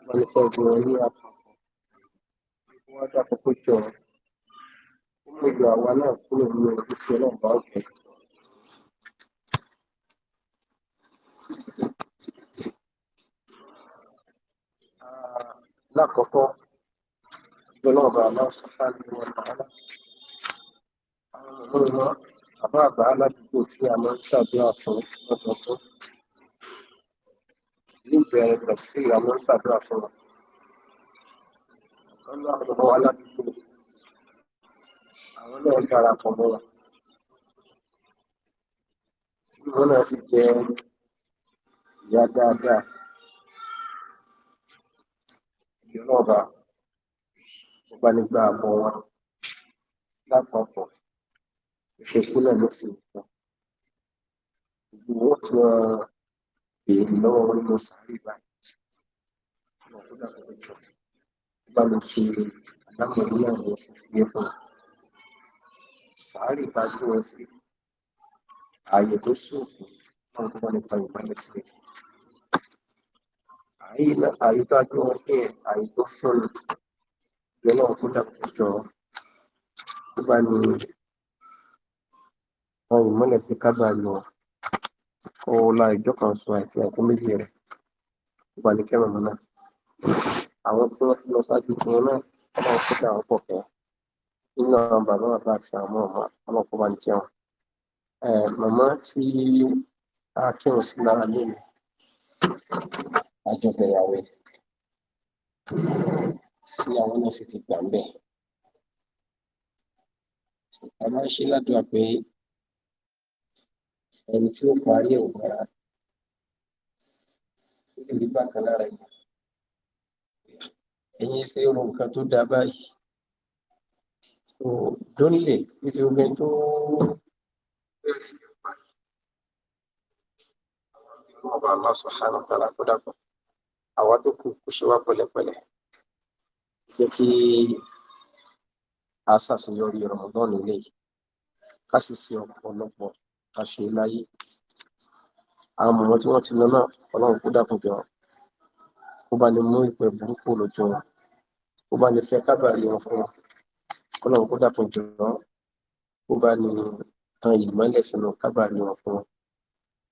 ọba ah, lákọ̀ọ́kọ́ ọlọ́ọ̀bà aláṣọ́fà ní wọn bàálà àwọn ọmọ ìwọ àbá àbá aládùúgbò tí a máa ń ṣàdúrà fún lọ́dọọdún níbẹ̀rẹ̀ lọ sí àwọn sàdúrà fún wa. Ọlọ́run àwọn aládùúgbò àwọn náà darapọ̀ mọ́ wa. Tí wọ́n náà sì jẹ́ ìyá dáadáa. Ìyá náà bá ọba nígbà àbọ̀ wa lápapọ̀ ìṣèkú ló sì ń pọ̀. Gbogbo wọn ti èèyàn lọ́wọ́ wọn lọ sáré báyìí wọn tó dàgbà tó jọ ó bá mi ṣe alámọ̀lú àwọn fífi ẹ fún wọn sáré bá gbé wọn sí ààyè tó sóòkù náà tó bá lè ta ìbálẹ̀ sílẹ̀ ààyè tó gbé wọn sí ààyè tó fún mi lọ́wọ́ tó dàgbà tó jọ ó bá mi wọn ìmọ̀lẹ̀ sí kábàá lọ ọ̀la ìjọ kan sọ àti àìkú méjì rẹ̀ ìbànújẹ́ mọ̀mọ́ náà àwọn tí wọ́n ti lọ ṣáájú tí wọn náà ọmọ òkú tí àwọn pọ̀ kẹ́ nínú àwọn bàbá bàbá àti àwọn ọmọ ọmọ òkú bá ń jẹun màmá tí a kírun sí lára lónìí àjọ bẹ̀rẹ̀ àwẹ̀ sí àwọn náà sì ti gbà ń bẹ̀. a máa ń ṣe ládùúgbà pé ẹni tí ó parí ẹ̀ ò bára ó lè rí bákan lára ẹ̀ ẹ̀yin ṣe ro nǹkan tó dáa báyìí so dónílẹ̀ ní ti gbogbo tó ọba Allah subhanahu wa ta'ala kó dàpọ̀ àwa tó kù kó ṣe wá pẹ̀lẹ́pẹ̀lẹ́ jẹ́ kí a ṣàṣeyọrí Ramadan nílé yìí ká sì ṣe ọ̀pọ̀lọpọ̀ ká ṣe láyé àwọn ọmọ tí wọ́n ti lọ náà ọlọ́run kó dákun jọ kó bá ní mú ìpẹ́ burúkú lójú wọn kó bá ní fẹ́ kábàárì wọn fún wọn ọlọ́run kó dákun jọ kó bá ní tan ìmọ́lẹ̀ sínú kábàárì wọn fún wọn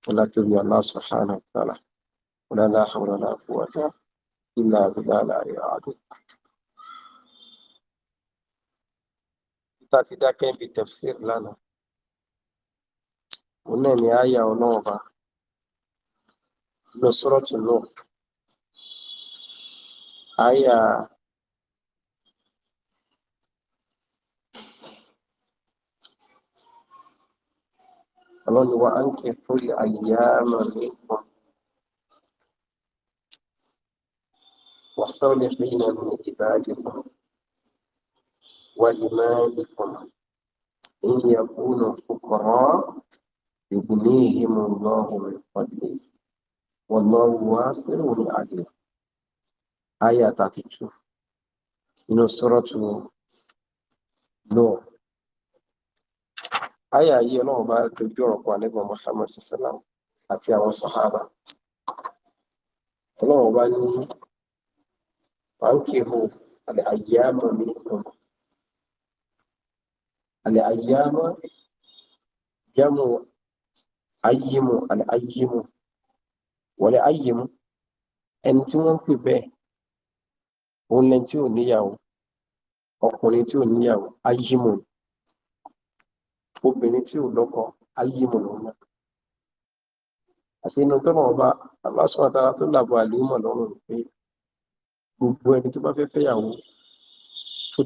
ọlá tóbi Allah subhanahu wa ta'ala ọlá láhàwọn ọlá quwwata illa tá a ti dákẹ́ ń bi lánàá òun náà ni àyà ọlọ́run bá lọ sọ́rọ̀tù náà àyà ọlọ́run wa á ń kẹ́ fúri àyà màmíkan والصالحين من عبادكم وإمامكم إن يكونوا فقراء يغنيهم الله من فضله والله واسع عليم آية 32 من سورة نور آية yìí náà bá dojú ọ̀rọ̀ pa nígbà Muhammad sallam àti àwọn sàhábà ọlọ́run bá ní فانكحوا الأيام منكم الأيام جمع ayyimu al-ayyimu wọlé ayyimu ẹni tí wọ́n ń bẹ́ẹ̀ tí ò níyàwó ọkùnrin tí ò níyàwó ayyimu obìnrin tí ò lọ́kọ ayyimu àti inú ọba tó làbọ̀ àlùmọ̀ lọ́rùn pé gbogbo ẹni tó bá fẹ́ fẹ́yàwó tó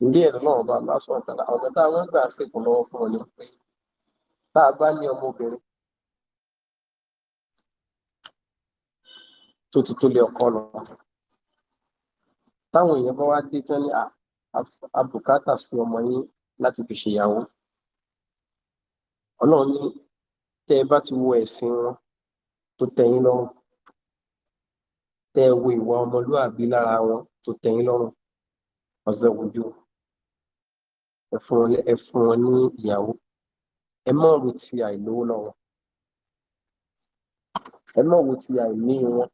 torí ẹ̀rọ náà ọba lásán ọ̀kadà ọ̀nà tá a máa ń gbà sí ìkùnlọ́wọ́ fún ọ ní pé tá a bá ní ọmọbìnrin tó ti tó lé ọkọ lọ táwọn èèyàn bá wá dé tán ní àbùkátà sí ọmọ yín láti fi ṣèyàwó ọlọ́run ní tẹ́ ẹ bá ti wo ẹ̀sìn wọn tó tẹ́yìn lọ́rùn tẹ́ ẹ wo ìwà ọmọlúàbí lára wọn tó tẹ́yìn lọ́rùn ọ̀sẹ̀ òjò ẹ fún wọn ẹ fún wọn ní ìyàwó ẹ mọ̀ ro ti àìlówó lọ́wọ́ ẹ mọ̀ wo ti àìní wọn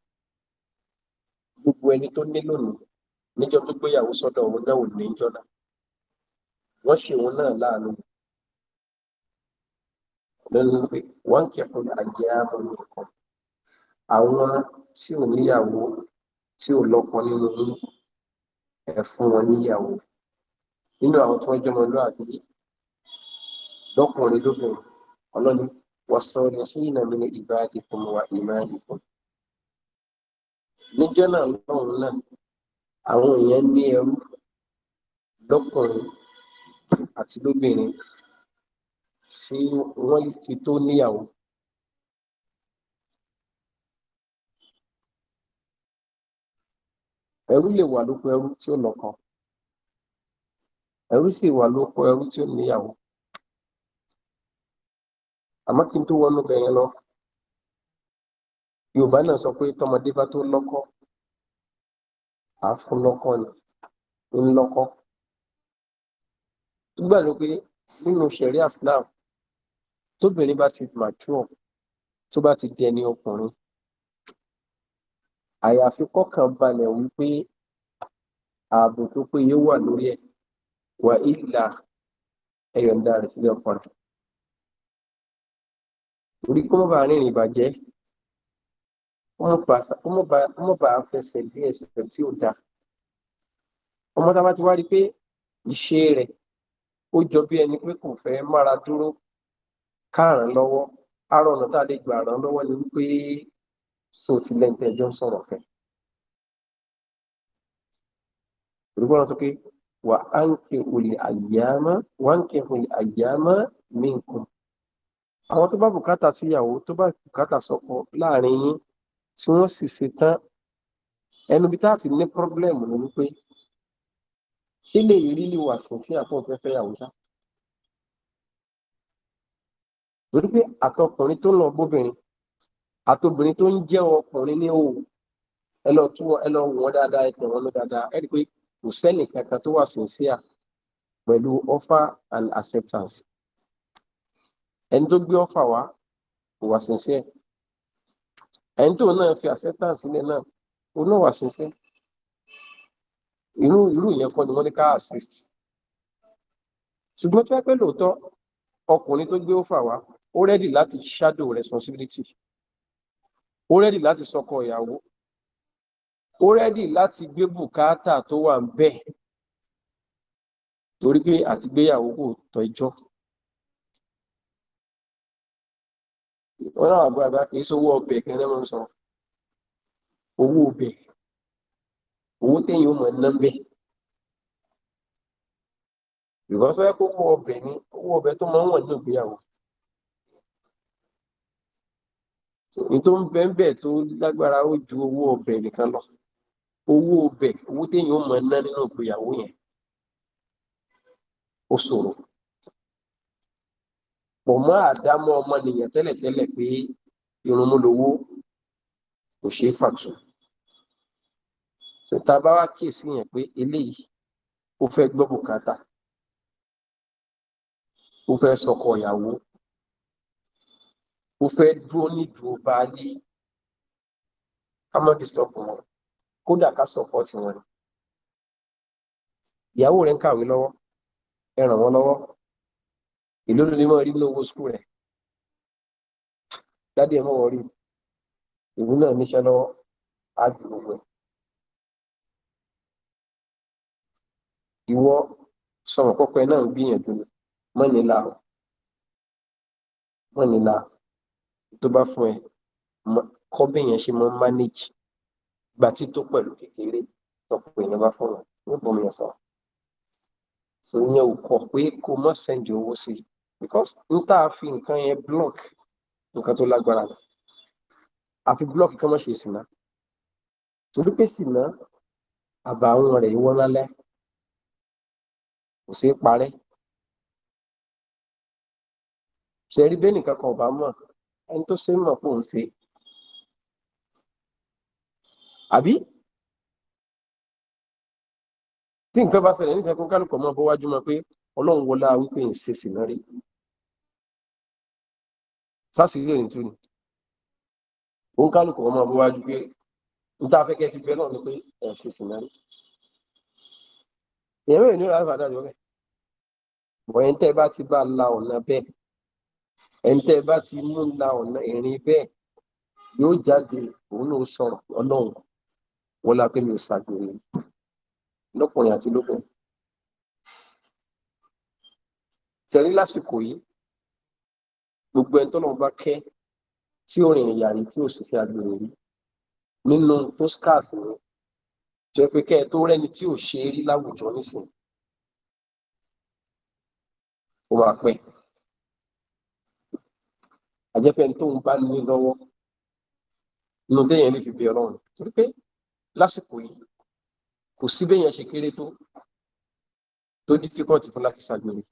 gbogbo ẹni tó ní lónìí níjọ́ tó gbéyàwó sọ́dọ̀ òun náà ò ní jọ náà wọ́n ṣe òun náà láàánú lọ́nà pé wọ́n kẹ́kọ̀ọ́ àjẹ́ ààbò nìkan àwọn tí ò níyàwó tí ò lọ́kọ nínú ẹ fún wọn níyàwó nínú àwọn tí wọ́n jẹ́ ọmọlúwàbí lọ́kùnrin lóbìnrin ọlọ́ni wàsọ̀rọ̀ fún ìnàmì ní ìbá àdìpọ̀ wà ìmá àdìpọ̀. níjọ́ náà lọ́run náà àwọn èèyàn ní ẹrú lọ́kùnrin àti lóbìnrin tí wọ́n fi tó níyàwó. ẹrú lè wà lóko ẹrú tí ó lọ́kàn ẹrú sì wà lóko ẹrú tí ó níyàwó àmọ́ kí n tó wọnú bẹ̀yẹn lọ yorùbá náà sọ pé tọmọdé bá tó lọ́kọ àáfún lọ́kọ ni ń lọ́kọ gbígbà ló pé nínú sẹ̀rí islam tóbìnrin bá ti mature tó bá ti dẹni ọkùnrin àyàfi kọ́kàn balẹ̀ wípé ààbò tó péye wà lórí ẹ̀ wà ìlà ẹ̀yọ̀ǹda rẹ̀ sílẹ̀ ọkọ rẹ̀ orí kó mọ̀ bá rìnrìn ìbàjẹ́ kó mọ̀ bá fẹsẹ̀ bí ẹsẹ̀ tí ò dáa ọmọ tá a bá ti wá rí pé ìṣe rẹ̀ ó jọ bí ẹni pé kò fẹ́ mára dúró káràn lọ́wọ́ ara ọ̀nà tá a lè gbà ràn lọ́wọ́ ni wípé so ti lẹ́ńtẹ́ ẹjọ́ ń sọ̀rọ̀ fẹ́. Olùkọ́ náà sọ pé wàánkìhùlì àyàmá wàánkìhùlì àyàmá minkum. àwọn tó bá bùkátà síyàwó tó bá bùkátà sọ́kọ láàrin yín tí wọ́n sì ṣe tán ẹnu bí táàtì ní pọ́blẹ́mù ni wípé kí lè rí lè wà sùn sí àpò fẹ́fẹ́ yàwó ṣá. torí pé àtọkùnrin tó ń lọ bóbìnrin àtobìnrin tó ń jẹ́ ọkùnrin ní òwò ẹ lọ tú ẹ lọ wọ́n dáadáa ẹ tẹ̀ wọ́n lọ dáadáa ẹ rí i pé kò sẹ́nì kankan tó wà sincere pẹ̀lú offer and acceptance ẹni tó gbé offer wá kò wà sincere ẹni tó náà fi acceptance sílẹ̀ náà ó náà wà sincere irú irú ìyẹn kọ́ ni wọ́n ní ká assist ṣùgbọ́n tó yẹ pé lóòótọ́ ọkùnrin tó gbé offer wá ó rẹ́dì láti shadow responsibility ó rẹ́dì láti sọkọ ìyàwó ó rẹ́dì láti gbé bùkátà tó wà ń bẹ̀ torí pé àtìgbéyàwó kò tọ́jọ́ wọn náà àgbààgbà kì í sówó ọbẹ̀ kan náà máa ń san owó ọbẹ̀ owó téèyàn ó mọ̀ ná ń bẹ̀ ìgbọ́sọ́ yẹ kó owó ọbẹ̀ ni owó ọbẹ̀ tó máa ń wọ̀ nínú ìgbéyàwó ní tó ń bẹ́ẹ̀ bẹ́ẹ̀ tó lágbára ó ju owó ọbẹ̀ nìkan lọ owó ọbẹ̀ owó téèyàn ó mọ ná nínú ìgbéyàwó yẹn ó ṣòro pọ̀ mọ́ àdámọ́ ọmọnìyàn tẹ́lẹ̀tẹ́lẹ̀ pé irun mú lowó kò ṣeé fàtú ṣètà bá wá kíyèsí yẹn pé eléyìí ó fẹ́ gbọ́ bùkátà ó fẹ́ sọkọ ìyàwó ó fẹ́ dúró nídùú baálé ká má disturb wọn kódà ká sọpọ́ọ̀tì wọn ìyàwó rẹ̀ ń kàwé lọ́wọ́ ẹ ràn wọ́n lọ́wọ́ ìlú ló ní mọ́ rí lówó skul rẹ̀ jáde mọ́ wọ́n rí ìlú náà níṣẹ́ lọ́wọ́ á ju gbogbo ẹ̀ ìwọ sọ̀rọ̀ kọ́kọ́ ẹ náà ń gbìyànjú mọ́ nílà mọ́ nílà tó bá fún ẹ kọ́ bẹ́yẹn ṣe mọ́ manage gbà tí tó pẹ̀lú kékeré lọ́pọ̀ èèyàn bá fọ̀rọ̀ níbo mi ọ̀sán so ìyẹn ò kọ̀ pé kó mọ́ sẹ́ndì owó sí because n tá a fi nǹkan yẹn block nǹkan tó lágbára lọ àfi block kí wọ́n ṣe sìnà torí pé sìnà àbàwọn rẹ̀ wọ́n lálẹ́ kò sí parẹ́ ṣe rí bẹ́ẹ̀ nìkan kan ọ̀bá mọ̀ ẹni tó ṣe mọ̀ pé òun ṣe àbí tí nǹkan bá ṣẹlẹ̀ níṣẹ́ kó kálukọ̀ mọ́ bọ́wájú mọ́ pé ọlọ́run wọlá wípé ń ṣe sì náà rí sásìrí òní tú ni òun kálukọ̀ mọ́ bọ́wájú pé n ta fẹ́ kẹ́ fi bẹ́ẹ̀ náà ni pé ẹ̀ ṣe sì náà rí ìyẹn mẹ́rin ní ìrànlọ́wọ́ àdájọ́ rẹ̀ bọ̀ ẹ̀ ń tẹ́ bá ti bá la ọ̀nà bẹ́ẹ̀ ẹ̀ ń tẹ́ bá ti mú la ọ̀nà ìrìn bẹ́ẹ̀ yóò jáde òun ló sọ̀rọ̀ ọlọ́run wọ́n la pé mi ò ṣàgbèrè lọ́kùnrin àti lókun. tẹ̀rí lásìkò yìí gbogbo ẹni tọ́lọ́run bá kẹ́ tí ó rìn ìyàrí tí ò sì fi àgbèrè rí nínú postcards ni jẹ́ pé kẹ́ ẹ tó rẹ́ni tí ò ṣe é rí láwùjọ nísìnyí ó máa pẹ́ àjẹpẹ́ ẹni tóun bá ní lọ́wọ́ inú téèyàn lè fi bí ọlọ́run torí pé lásìkò yìí kò sí bẹ́ẹ̀ yẹn ṣe kéré tó tó difficult fún láti ṣàgbèrè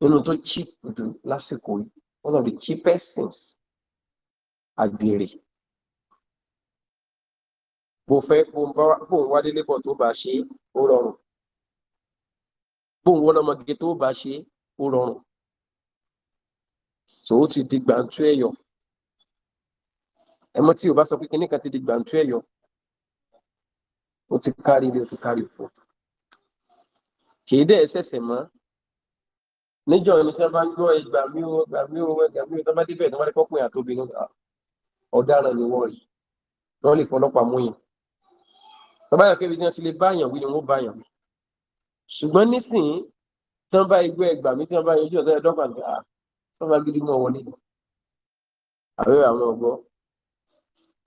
nínú tó cheap jù lásìkò yìí one of the cheapest things àgbèrè bó fẹ́ bó ń wálé lébọ̀ tó bá ṣe ó rọrùn bó ń wọ́n lọ́mọge tó bá ṣe ó rọrùn tó ti di gbàǹtú ẹ̀yọ̀ ẹmọ tí o bá sọ pé kíní ti di gbàǹtú ẹ̀yọ o ti kárí ilé o ti kárí òfò kìí dẹ́ ẹsẹ̀sẹ̀ mọ́ níjọ́ ni tí wọ́n bá ń gbọ́ ìgbà mí o ìgbà mí o ìgbà mí o tó bá débẹ̀ tó bá dé pọ́pọ́ yàtọ̀ obìnrin ọ̀daràn ni wọ́n rí wọ́n lè fọlọ́pàá mú yàn tó bá yàn kébi tí wọ́n ti lè bá yàn wí ni wọ́n bá yàn wí ṣùgbọ́n nísìnyí tí wọ́n bá igbó ẹgbàá mi tí wọ́n bá yanjú ọ̀tọ́ ẹ̀dọ́gbà ní à gidi mọ́ wọlé àwọn ọgbọ́n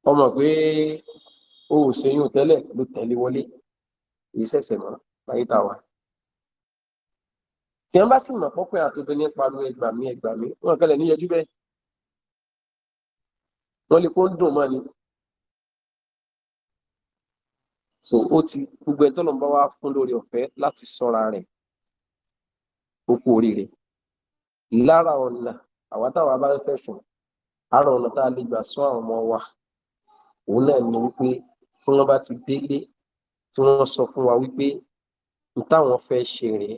ọmọ pé o ò ṣe yóò tẹ́lẹ̀ ló tẹ̀lé wọlé èyí ṣẹ̀ṣẹ̀ mọ́ láyé tá a wà. tí wọ́n bá sì mọ̀ pọ́pẹ́ àtòbí ní pariwo ẹgbà mí ẹgbà mí wọn kẹlẹ̀ níyẹjú bẹ́ẹ̀ wọ́n lè kó ń dùn mọ́ ni. so ó ti gbogbo ẹjọ́ lọ́nà bá wá fún lórí ọ̀fẹ́ láti sọ́ra rẹ̀ ó kú oríire lára ọ̀nà àwa bá ń fẹ̀sìn àárọ̀ ọ̀nà tá a lè gbà sọ àwọn ọmọ wa òun náà ni wípé tí wọ́n bá ti délé tí wọ́n sọ fún wa wípé n táwọn fẹ́ ṣe rèé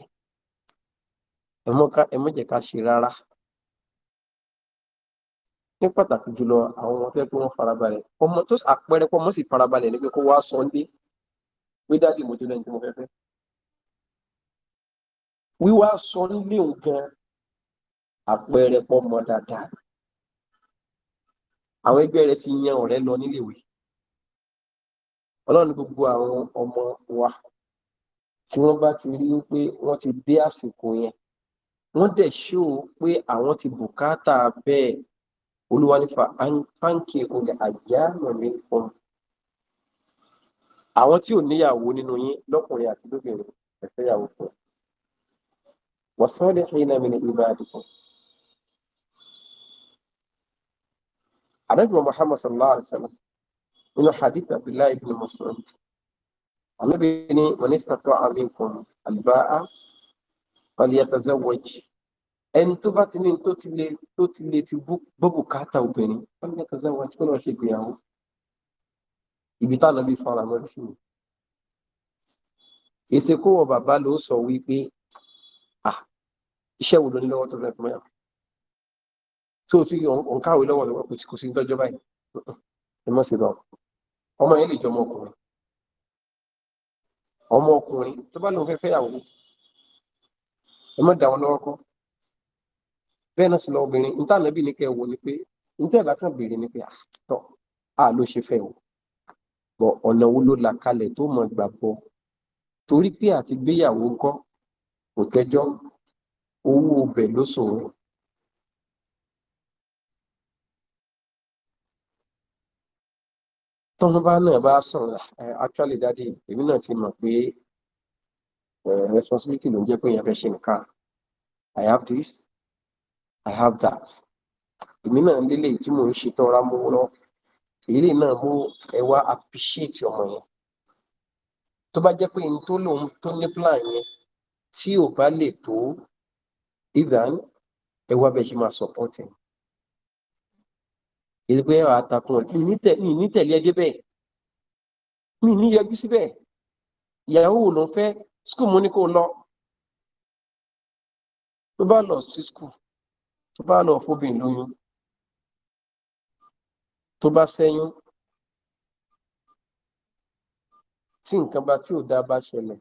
ẹ mọ́ jẹ́ ká ṣe rárá ní pàtàkì jùlọ àwọn ọmọ tó yẹ pé wọ́n farabalẹ̀ ọmọ tó àpẹẹrẹ pọ̀ mọ́ sì farabalẹ̀ ní pé kó wá sọ́ndé pé dáàdì mo ti lẹ́yìn tí mo fẹ́ fẹ́ wíwá sọ́ndé òun gan àpẹẹrẹ pọ̀ mọ́ dáadáa àwọn ẹgbẹ́ rẹ̀ ti yan ọ̀rẹ́ lọ níléèwé ọlọ́run gbogbo àwọn ọmọ wa tí wọ́n bá ti rí pé wọ́n ti dé àsìkò yẹn wọ́n dẹ̀ ṣó pé àwọn ti bùkátà bẹ́ẹ̀ olúwa nípa fáǹkì olè àjá mọ̀mí fún àwọn tí ò níyàwó nínú yín lọ́kùnrin àti lóbìnrin ẹ̀fẹ́ yàwó fún wọ́n sọ́ọ́ lè ṣe iná mi ní ibà àdìpọ̀. àdẹ́gbọ̀n Muhammad sallallahu alaihi wa sallam nínú hadith abdullahi ibn Mas'ud ànábi ni mọ̀nísítàtọ̀ àmínkùn àlùbáà falyatazawwaj ẹni tó bá ti ní tó ti lè tó ti lè fi bóbù káàtà obìnrin falyatazawwaj kó lọ́ọ́ ṣe ìgbéyàwó ibi táwọn ànábi fara mọ́ sí mi èsì wọ bàbá ló sọ wípé ah, iṣẹ́ wo ló ní lọ́wọ́ tó fẹ́ fún yàrá tó tí òun káwé lọ́wọ́ lọ́wọ́ kò sí tọ́jọ́ báyìí ẹ mọ̀ sí lọ ọmọ yẹn lè jọ ọmọ ọkùnrin ọmọ ọkùnrin tó bá lóun fẹ́ fẹ́ yàwó ẹ mọ̀ dà wọn lọ́wọ́ kọ́ bẹ́ẹ̀ náà sì lọ obìnrin níta nàbí ní kẹ́ ẹ wò ni pé níta ìbá kan béèrè ni pé àtọ̀ ah, a ló ṣe fẹ́ o bọ̀ ọ̀nà wo ló là kalẹ̀ tó mọ̀ gbà bọ̀ torí pé àti gbéyàwó ńkọ́ kò owó ọbẹ̀ ló ṣòro tọ́wọ́ bá náà bá sàn actually daddy èmi náà ti mọ̀ pé responsibility ló ń jẹ́ pé èèyàn fẹ́ ṣe nǹkan I have this I have that èmi náà lélẹ̀ tí mò ń ṣe tọ́ra mọ́ lọ èyí náà mú ẹ wá appreciate ọmọ yẹn tó bá jẹ́ pé n tó lòun tó ní plan yẹn tí ò bá lè tó ìdán ẹ wá bẹ́ẹ̀ ṣe máa support ẹ̀ kìí pé ẹwà àtàkùn ọtí mi ní tẹ̀lé ẹ débẹ̀ mi ní yọjú síbẹ̀ ìyàwó ló ń fẹ́ skul mo ní kó lọ tó bá lọ sí skul tó bá lọ fóbìn lóyún tó bá ṣẹ́yún tí nǹkan bá tí ò dá bá ṣẹlẹ̀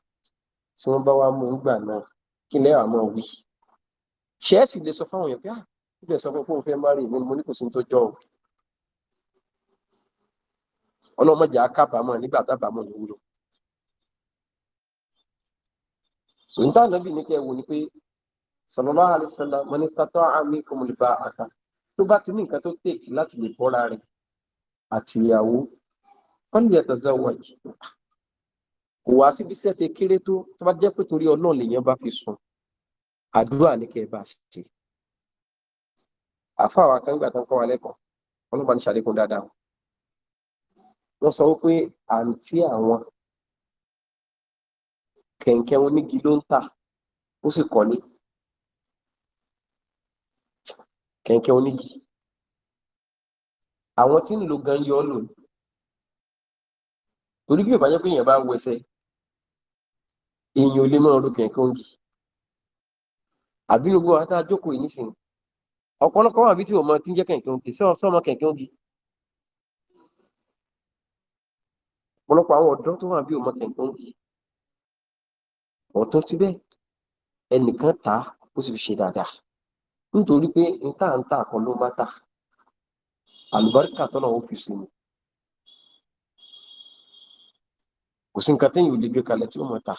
tí wọ́n bá wá mú un gbà náà kí lẹ́yìn àmọ́ wí ṣe lè sọ fáwọn èèyàn pé ah ó lè sọ pé kóun fẹ́ má rí mi mo ní kò sí ní tó jọ o ọlọ́mọdé akábàámọ̀ nígbà tábàámọ̀ ló wúlò. sòńtà nàbì ní kẹ́ ẹ ni pé sallallahu alaihi wasallam mọ́nísítátọ́ àmì kọ́mọlùbá àká tó bá ti ní nǹkan tó tèkì láti lè bọ́ra rẹ̀ àti ìyàwó wọ́n lè tẹ̀sẹ̀ wọ̀nyí. kò wá síbi iṣẹ́ ti kéré tó tó bá jẹ́ pé torí ọlọ́run lèèyàn bá fi sùn àdúrà ní kẹ́ ẹ bá ṣe. àfáà wa kan gbà wa lẹ́kọ̀ọ́ ọlọ́ba wọ́n sọ wípé àǹtí àwọn kẹ̀ǹkẹ́ wọn nígi ló ń tà ó sì kọ́lé kẹ̀ǹkẹ́ wọn nígi àwọn tí ń lo gan yọ ọ́ lò torí bí ìbájẹ́ pé èèyàn bá wẹsẹ̀ èèyàn ò lè mọ́ ọdún kẹ̀ǹkẹ́ òǹgì àbí gbogbo àwọn tá a jókòó yìí nísìnyí ọ̀pọ̀lọpọ̀ wà tí ò mọ tí ń jẹ́ kẹ̀ǹkẹ́ òǹgì sọ́ọ́ sọ́ọ́ mọ kẹ̀ǹkẹ́ òǹgì. ọ̀pọ̀lọpọ̀ àwọn ọ̀dọ́ tó wà bí ọmọ tẹ̀gbọ́n ọ̀tún síbẹ̀ ẹnìkan tà á ó sì fi ṣe dáadáa nítorí pé n tà ń tà kan ló má tà àlùbáríkà tọ́nà ó fi sinmi kò sí nǹkan téèyàn ò lè gbé kalẹ̀ tí ó mọ̀ tà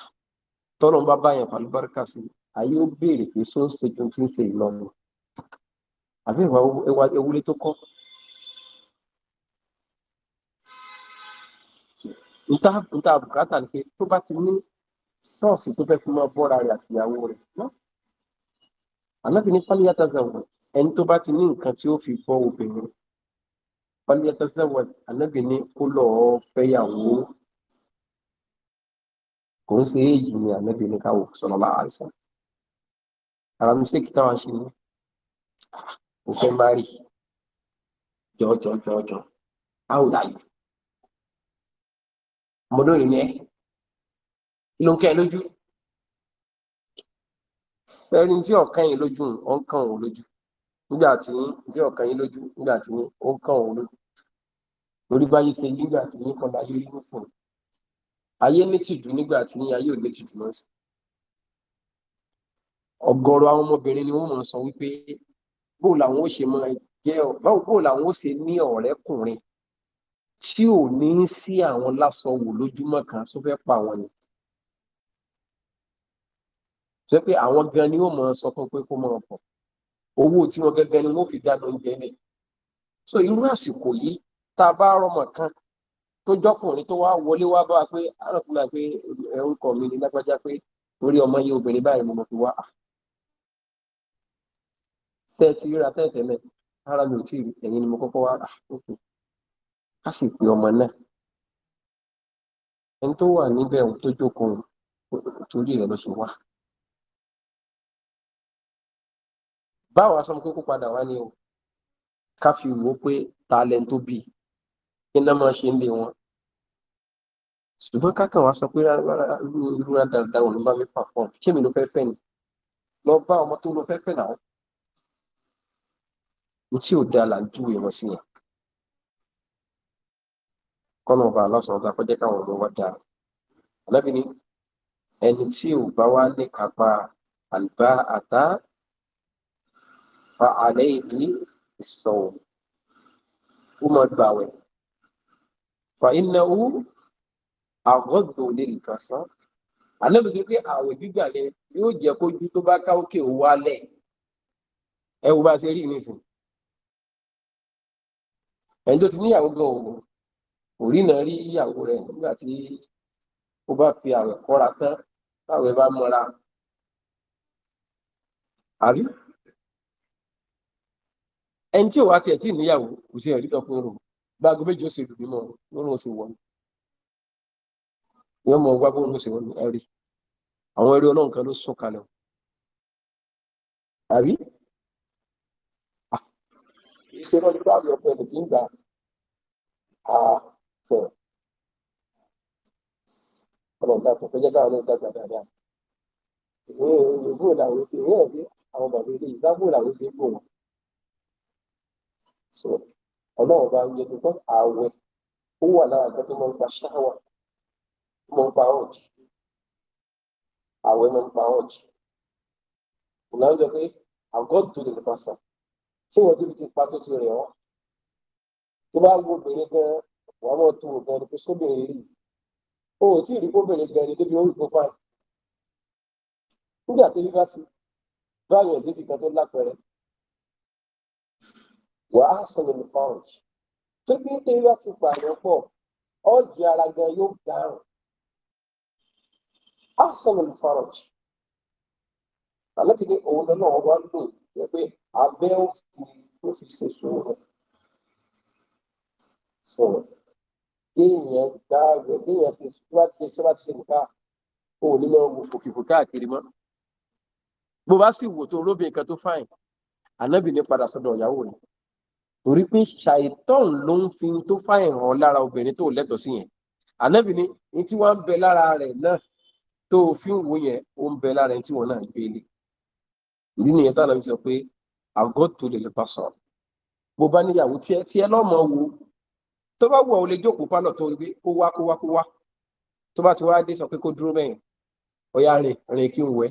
tọ́nà bá bá yàn fàlùbáríkà sí ayé ó béèrè pé sóńsè tó ti ń ṣe ìlọ́nu àbí ìwà ewúlé tó kọ́ nta nta bùkátà ni pé tó bá ti ní ṣọ́ọ̀ṣì tó fẹ́ fi máa bọ́ra rẹ̀ àtìyàwó rẹ̀ náà ànábì ní fálíyàtàzàwọ̀ ẹni tó bá ti ní nǹkan tí ó fi bọ́ obìnrin fálíyàtàzàwọ̀ ànábì ní kó lọ́ọ́ fẹ́yàwó kò ń ṣe èyí ni ànábì ní káwọ sọ̀rọ̀ bá àìsàn ara mi ṣe kíkà wọn ṣe ni kò fẹ́ má rí jọjọjọjọ how that is ọmọdóyìn ni ẹ kí ló ń kẹ́ ẹ lójú sẹ́rin tí ọ̀kan yìí lójú ó ń kàn òun lójú nígbà tí bí ọ̀kan yìí lójú nígbà tí ó ń kàn òun lójú lórí báyé ṣe yí nígbà tí yín kan láyé rí ní fún un ayé nítìjú nígbà tí yín ayé ò nítìjú lọ sí ọ̀gọ̀rọ̀ àwọn ọmọbìnrin ni wọ́n mọ̀ sọ wípé bó làwọn ó ṣe máa jẹ́ báwo bó làwọn ó ṣe ní ọ̀rẹ́kùnrin tí ò ní í sí àwọn lásọ wò kan tó fẹ́ pa àwọn ni. sọ pé àwọn gan ni ó mọ̀ sọ fún pé kó máa pọ̀ owó tí wọ́n gẹ́gẹ́ ni wọ́n fi dáná oúnjẹ lẹ̀. so irú àsìkò yìí tá a bá rọmọ kan tó jọkùnrin tó wá wọlé wá bá pé arákùnrin àti orúkọ mi ni lágbájá pé orí ọmọ yẹn obìnrin báyìí mo mọ̀ fi wá. ṣé ẹ ti ríra tẹ́tẹ́lẹ̀ ara mi ò tí ì ẹ̀yin ni mo kọ́kọ́ wá rà ókè á sì pe ọmọ náà ẹni tó wà níbẹ̀ ohun tó jókòó torí rẹ̀ ló ṣe wá. báwa sọ pé kó padà wá ni o ká fi wò ó pé ta lẹni tó bí kí náà máa ṣe ń lé wọn ṣùgbọ́n ká wá sọ pé irú dáadáa ò ní bá mi pàfọ́n kí èmi ló fẹ́ fẹ́ ni lọ bá ọmọ tó lọ fẹ́ fẹ́ náà mo tí ò dáa là ń sí yẹn kọ́nà ọba aláṣọ ọba kọjá káwọn ọ̀dọ́ wa dáa ànábì ni ẹni tí ò bá wá ní kápá àlùbá àtá fa àlẹ́ ìlú ìsọ̀wọ̀ ó máa gbàwẹ̀ fa iná ó àgọ́dò lè nìkan sán ànábì pé àwẹ̀ gbígbà yẹn yóò jẹ́ kójú tó bá ká òkè ó wálẹ̀ ẹ wo bá ṣe rí nísìn ẹni tó ti níyàwó gan òun kò rí náà rí ìyàwó rẹ̀ nígbà tí ó bá fi àwẹ̀ kọ́ra tán táwẹ̀ bá mọ́ra àbí ẹni tí ò tiẹ̀ tí níyàwó kò sí ẹ̀rí tọkùn rò gbáago méjì ó sì lù bímọ lórun oṣù wọn ni wọn mọ wá bóun oṣù wọn ni ẹ̀rí àwọn ẹ̀rí Ọlọ́run kan ló sún kalẹ̀ àbí ìṣèlú ọdún bá àwọn ọkọ ẹni tí ń gbà á. Ah fún ọ ọlọ́run dàpọ̀ tó jẹ́ káwọn náà dàgbà dáadáa ìwé ìwé làwọn ṣe ìwé ẹ̀rí àwọn bàbá ilé ìdábò làwọn ṣe bò wọn so ọlọ́run bá ń yẹ pé ààwẹ̀ ó wà lára nǹkan tó máa ń pa ṣáwà ó máa ń pa ọ̀jì ààwẹ̀ máa ń pa ọ̀jì ìlànà jọ pé àgọ́dù lè pàṣà ṣé wọ́n tóbi ti wọ́n mọ̀ tó nǹkan tó sóbìnrin yìí o ò tí ì rí kóbìnrin gan débi orí nígbà tó bí bá ti báyọ̀ débi kan tó ní fáwọn tó bí bá ti pààyàn pọ̀ ọ̀jì ara gan yóò dáhùn á ní fáwọn òun náà wọ́n lò yẹ pé abẹ́ òfin kéèyàn dá àwẹ̀ kéèyàn ṣe tó bá ti ṣe bá ti ṣe nìkan o ò ní lọ wò fòkìfò káàkiri mọ́ bó bá sì wò tó róbìn kan tó fáìn ànábì ní padà sọ́dọ̀ ìyàwó rẹ̀ torí pé ṣàìtọ́n ló ń fi tó fáìn hàn lára obìnrin tó lẹ́tọ̀ọ́ sí yẹn ànábì ní ní tí wọ́n ń bẹ lára rẹ̀ náà tó o fi ń wò yẹn ó ń bẹ lára ẹni tí wọ́n náà ń gbélé ìdí nìyẹn táwọn àbí sọ pé àgọ́ tó lè lè bá sọ̀rọ̀ bó bá níyàwó tiẹ̀ tiẹ̀ lọ́mọ wo tó bá wù ọ lè jókòó pálọ̀ tó rí pé ó wá kó wá kó wá tó bá ti wá dé sọ pé kó dúró mẹ́yìn ọ̀yá rìn rìn kí n wẹ̀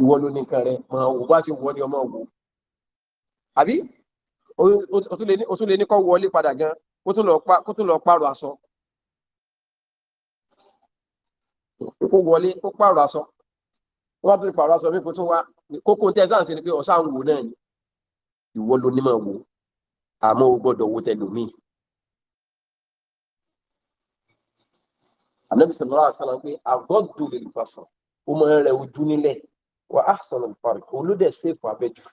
ìwọ ló ní nǹkan rẹ mọ òwò bá ṣe wọ ni ọmọ òwò àbí o tún lè ní kó wọlé padà gan kó tún lọ pààrọ̀ aṣọ kó wọlé kó pààrọ̀ aṣọ wọ́n bá tún pààrọ̀ aṣọ mi kó tún wá kókó tẹ́ sáà ń ṣe ni pé ọ̀sán wò náà ni ìwọ ló ní máa wò àmọ́ o gbọ́dọ̀ wo tẹlómìn anabi sallallahu alaihi wasallam pé àgọ́dù lè lùfà sọ ó mọ rẹ ojú nílẹ̀ wà á sọ̀rọ̀ ìparí olódẹ̀ sèfù abẹ́jù.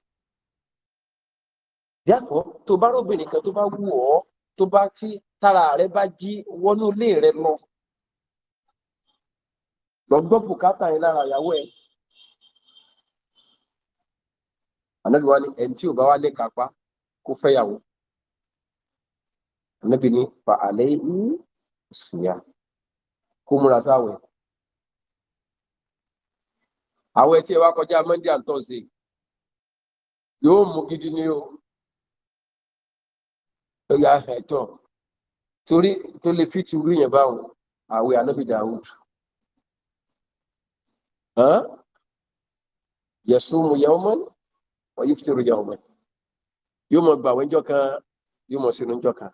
yàtọ̀ tó bá róbìnrin kan tó bá wù ọ́ tó bá tí tára rẹ bá jí wọnú ilé rẹ lọ lọ́gbọ́n bùkátà yẹn lára ìyàwó ẹ̀. anabi wa ni ẹni tí ò bá wá lè kápá kó fẹ́yàwó anabi ni fa àlẹ́ yìí kò sí kó múra sáwẹ̀ àwẹ̀ tí ẹ wá kọjá Monday and Thursday yóò mú gidi ní o ẹ̀yà ẹ̀tọ́ torí tó lè fi ti rí yẹn báwọn àwẹ̀ ànábì Dawud yasumu yawman wa yuftiru yawman yóò mọ̀ gbà wẹ́njọ́ kan yóò mọ̀ sínú jọ́ kan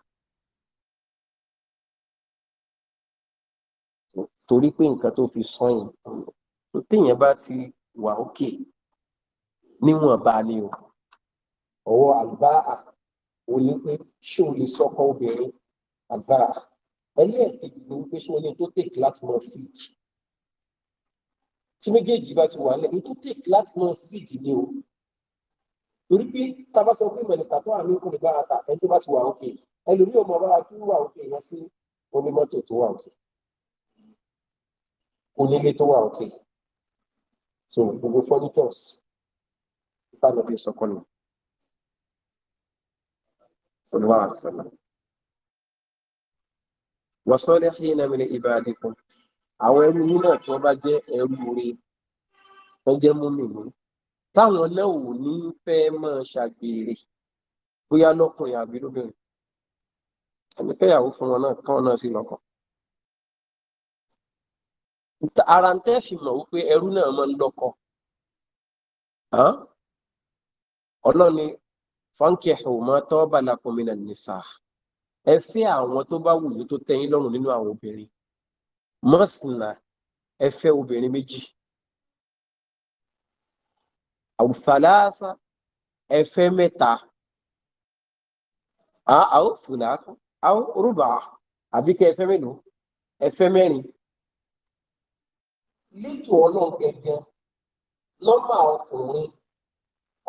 torí pé nǹkan tó fi sán yẹn tó téèyàn bá ti wà òkè níwọ̀nba ni o ọwọ́ àlùbáà ò ní pé ṣé o lè sọkọ obìnrin àlùbáà ẹlẹ́ẹ̀kejì ni wípé ṣé o ní tó tèkì láti mọ fíìdì tí méjèèjì bá ti wà lẹ̀ ní tó tèkì láti mọ fíìdì ni o torí pé tábà pé mẹ̀lẹ́sítà tó wà ní ìkùnrin bá ta ẹni tó bá ti wà òkè ẹlòmíì ọmọ bá wa tó wà òkè yẹn sí onímọ́tò tó wà òkè onílé tó wà òkè so gbogbo furnitures ìbánibí sọkọlù sọlọ́wọ́ àṣẹlẹ̀ wàsọ́lẹ̀ fi iná mi ní ibà àdínkù àwọn ẹrú yín tí wọ́n bá jẹ́ ẹrú rẹ wọ́n jẹ́ múmìnú táwọn náà ò ní fẹ́ máa ṣàgbèrè bóyá lọ́kùnrin àbí lóbìnrin àmì fẹ́yàwó fún wọn náà káwọn náà sì lọ́kàn ara ń tẹ́ fi mọ̀ wípé ẹrú náà máa ń lọ́kọ ọlọ́run ni fankihu ma taba lakum minan nisa ẹ fẹ́ àwọn tó bá wù yín tó tẹ́ yín lọ́rùn nínú àwọn obìnrin masna ẹ fẹ́ obìnrin méjì aw ẹ fẹ́ mẹ́ta aw thulatha àbíkẹ́ ẹ fẹ́ mélòó ẹ fẹ́ mẹ́rin lẹ́tọ̀ ọlọ́gẹ̀gẹ̀ lọ́nà ọkùnrin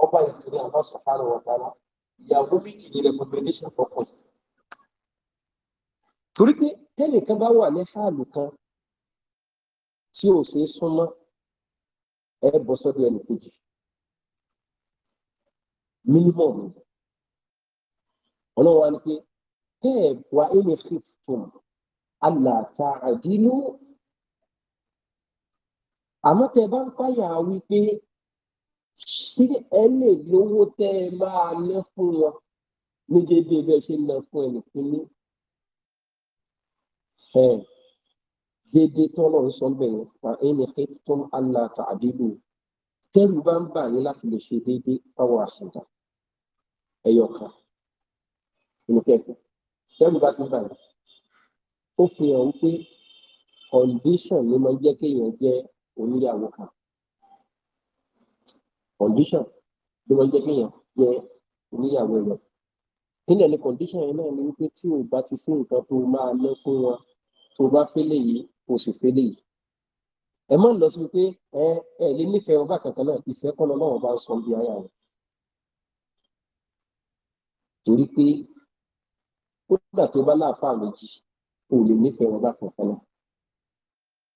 ọba ìtòrí àbáṣọ fáwọn ọ̀tara ìyàwó méjì ní recommendation fọkàn. torí pé tẹ́nìkan bá wà ní fáàlù kan tí ò ṣeé súnmọ́ ẹ bọ́ sọ́dọ̀ ẹnì kejì minimum ọlọ́run wa ni pé tẹ́ ẹ̀ wá ẹni fífún alàtà àdínú àmọ́ tẹ bá ń páyà wípé ṣé ẹ lè lówó tẹ ẹ máa ná fún wọn ní dédé bẹ́ẹ̀ ṣe ń ná fún ẹnìkíní dédé tọ́lọ̀ ń sọ bẹ́ẹ̀ fa ẹni khiftum alla ta'dilu tẹ́rù bá ń bà yín láti lè ṣe dédé fáwọn àṣìdá ẹ̀yọ̀kan nínú kẹfẹ́ tẹ́rù bá ti bà yín ó fi hàn wípé condition ló máa ń jẹ́ kéèyàn jẹ́ oníyàwó kan condition ló máa ń jẹ́ kéèyàn jẹ́ oníyàwó ẹ̀yọ nílẹ̀ ni condition yẹn náà ni wípé tí o bá ti sí nǹkan tó máa lọ fún wọn tó bá fẹ́ lè yìí kò sì fẹ́ lè yìí ẹ má lọ sí wípé ẹ ẹ lè nífẹ̀ẹ́ ọba kankan náà ìfẹ́ kọ́ lọ náà ọba ń sọ bí ara rẹ̀ torí pé kódà tó bá láàfáà méjì o lè nífẹ̀ẹ́ ọba kankan náà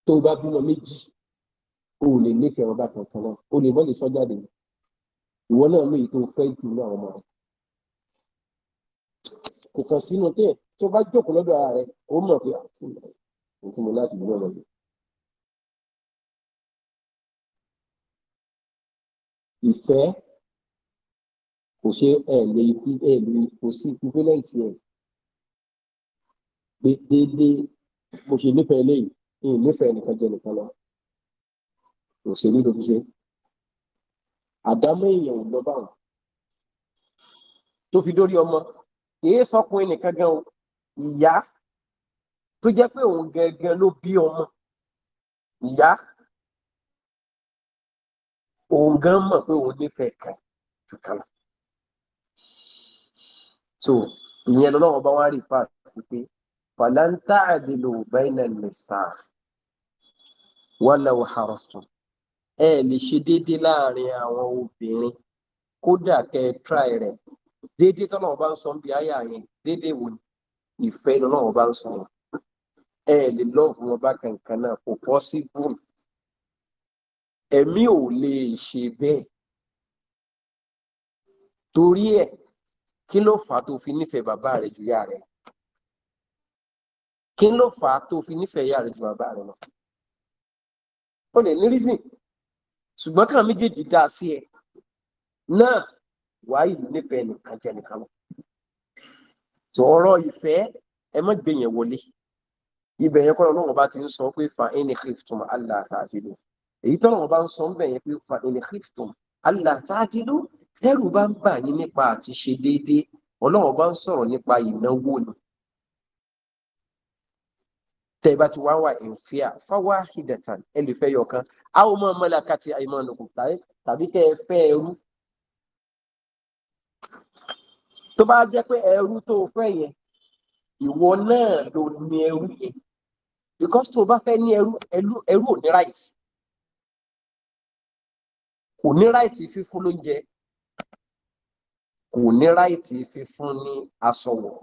tó bá bímọ méjì o lè nífẹ̀ẹ́ ọba kankan náà o lè mọ́lẹ̀ sọ jáde ìwọ náà lóye tó fẹ́ jù ní àwọn ọmọ rẹ kò kàn sínú tẹ́ tó bá jókòó lọ́dọ̀ ara rẹ ó mọ̀ pé àwọn tí mo láti gbọ́ lọ́dọ̀ ìfẹ́ kò ṣe ẹ̀ lè ikú ẹ̀ lè kò sí equivalent ẹ̀ pé déédéé mo ṣe nífẹ̀ẹ́ lẹ́yìn ìnífẹ̀ẹ́ nìkan jẹ nìkan lọ òṣèlú ló fi ṣe àdámọ́ èèyàn ò lọ báwọn tó fi dórí ọmọ èé sọkùnrin nìkan gan o ìyá tó jẹ́ pé òun gangan ló bí ọmọ ìyá òun gan mọ̀ pé òun nífẹ̀ẹ́ kan jù kan so ìyẹn lọ́wọ́ bá wá rí fáàsì pé fàlàntà àdìlò bẹ́ẹ̀ náà lè sáà wọ́n lọ́wọ́ harrison ẹ lè ṣe déédéé láàrin àwọn obìnrin kódà kẹ ẹ try rẹ déédéé tọ́nà ọba ń sọ ń bi àyà yẹn déédéé wò ìfẹ́ lọ́nà ọba ń sọ ẹ lè lọ́ọ̀fù wọn bá kankan náà kò possible ẹ̀mí ò lè ṣe bẹ́ẹ̀ torí ẹ̀ kí ló fà á tó fi nífẹ̀ẹ́ bàbá rẹ̀ ju ìyá rẹ̀ kí ló fà á tó fi nífẹ̀ẹ́ ìyá rẹ̀ ju bàbá rẹ̀ lọ. o lè ní reason ṣùgbọ́n kàn méjèèjì dá sí ẹ náà wàá ìlú nífẹ̀ẹ́ nìkan jẹ nìkan lọ tọ̀ọ̀rọ̀ ìfẹ́ ẹ má gbé yẹn wọlé ibẹ̀ yẹn kọ́nà lọ́wọ́ bá ti ń sọ pé fa ẹni khiftum allah ta'dilu èyí tọ́nà wọn bá ń sọ ń bẹ̀ yẹn pé fa ẹni khiftum allah ta'dilu tẹ́rù bá ń bà yín nípa àti ṣe déédéé ọlọ́wọ́ bá ń sọ̀rọ̀ nípa ìnáwó ni tẹ ẹ bá ti wá wà ìfíà fáwa hidatan ẹ lè fẹ́ yọkan a ó mọ malakati aymanukum tàbí kẹ ẹ fẹ́ ẹrú tó bá jẹ́ pé ẹrú tó fẹ́ yẹn ìwọ náà ló ní ẹrú yẹn because tó bá fẹ́ ní ẹrú ẹrú ò ní right kò ní right fífún lóúnjẹ kò ní right fífún ní aṣọ wọ̀.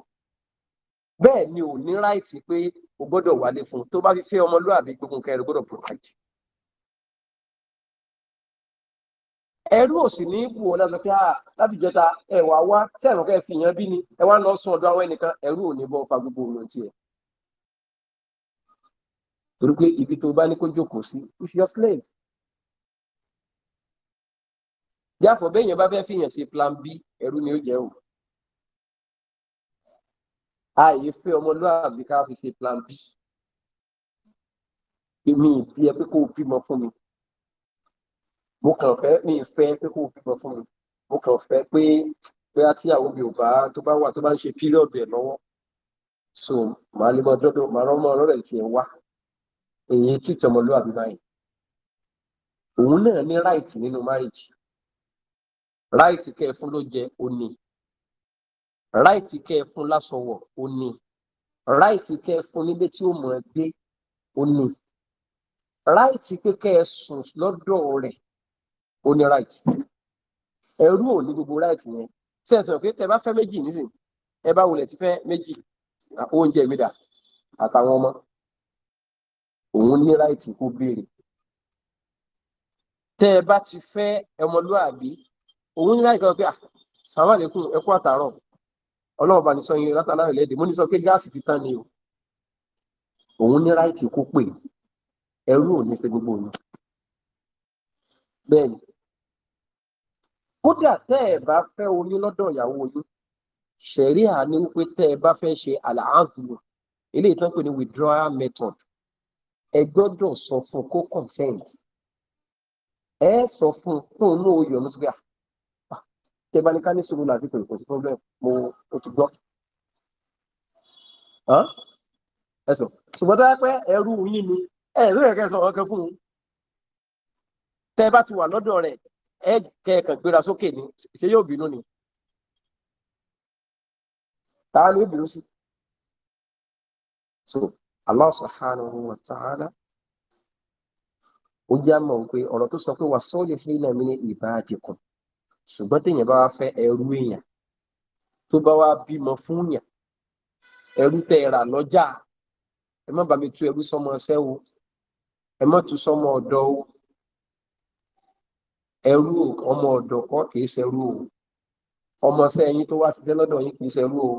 bẹ́ẹ̀ ni ò ní ráìtì pé o gbọ́dọ̀ wálé fún un tó bá fi fẹ́ ọmọlúàbí gbogbo nǹkan ẹ̀rọ gbọ́dọ̀ provide. ẹrú ò sì ní í bù ọ láti pé ah, láti jẹta ẹwà wá tí ẹ̀rọ kẹ́ fi yàn bí ni ẹ wá lọ sùn ọ̀dọ̀ àwọn ẹnìkan ẹrú ò ní bọ́ fa gbogbo ọ̀nà tiẹ̀. torí pé ibi tó bá ní kó jókòó sí is your slave. jáfọ̀ bẹ́ẹ̀ yẹn bá fẹ́ fi yàn sí plan b ẹrú ni ó jẹ́ òun. àyè fẹ́ ọmọlúwàbí ká fi ṣe plan b èmi ìfi ẹ pé kó o bímọ fún mi mo kàn fẹ́ mi ìfẹ́ pé kó o bímọ fún mi mo kàn fẹ́ pé bóyá tíyàwó mi ò bá tó bá wà tó bá ń ṣe píríọ̀dù ẹ̀ lọ́wọ́ so màá lè mọ dọ́dọ̀ màá rán mọ́ ọlọ́rẹ̀ tiẹ̀ wá èyí tí ìtọ́mọlúwàbí báyìí òun náà ní right nínú marriage right kẹ́ ẹ ló jẹ òní ráìtì kẹ́ ẹ fún lásọwọ̀ ó ní ráìtì kẹ́ ẹ fún nílé tí ó mọ̀ ẹ́ dé ó ní ráìtì pé kẹ́ ẹ sùn lọ́dọ̀ rẹ̀ ó ní ráìtì ẹrú ò ní gbogbo ráìtì yẹn tí ẹ sọ pé tẹ bá fẹ́ méjì nísìn ẹ bá wulẹ̀ ti fẹ́ méjì oúnjẹ mi dà àtàwọn ọmọ òun ní ráìtì kó béèrè tẹ ẹ bá ti fẹ́ ọmọlúwàbí òun ní ráìtì kó pé ah, sàmàlẹ́kùn ẹ kú ọlọ́run bá ní sọ yẹn látàlá rẹ̀ lẹ́dẹ̀ẹ́ mo ní sọ pé gáàsì ti tán ni o òun ní ráìtì kó pè ẹrú ò ní ṣe gbogbo yẹn bẹ́ẹ̀ ni kódà tẹ́ ẹ bá fẹ́ oyún lọ́dọ̀ ìyàwó yín ṣẹ̀ríà ní wípé tẹ́ ẹ bá fẹ́ ṣe àlàázìlò eléyìí tó ń pè ní withdrawal method ẹ gbọ́dọ̀ sọ fún kó consent ẹ sọ fún kóun náà ó yọ ọmọ sọgbà tẹ bá ní ká ní sùúrù lásìkò kò sí problem mo o ti gbọ́. ẹ sọ ṣùgbọ́n tó yẹ pé ẹrú yín ni ẹ rí ẹ̀kẹ́ sọ ọ̀kẹ́ fún un tẹ bá ti wà lọ́dọ̀ rẹ̀ ẹ kẹ̀kẹ́ gbéra sókè ni ṣé yóò bínú ni ta ni ó bínú sí. so Allah subhanahu wa ta'ala ó jẹ́ àmọ̀ pé ọ̀rọ̀ tó sọ pé wà sọ́ọ̀lì fún ilẹ̀ mi ní ìbáàdì kan ṣùgbọ́n téèyàn bá wá fẹ́ ẹrú èèyàn tó bá wá bímọ fún yàn ẹrú tẹ ẹ rà lọ́jà ẹ má bàa mi tú ẹrú sọmọ ọsẹ o ẹ má tú sọmọ ọ̀dọ̀ o ẹrú ọmọ ọ̀dọ̀ kọ́ kìí ṣẹrú o ọmọ ọsẹ yín tó wá ṣiṣẹ́ lọ́dọ̀ yín kìí ṣẹrú o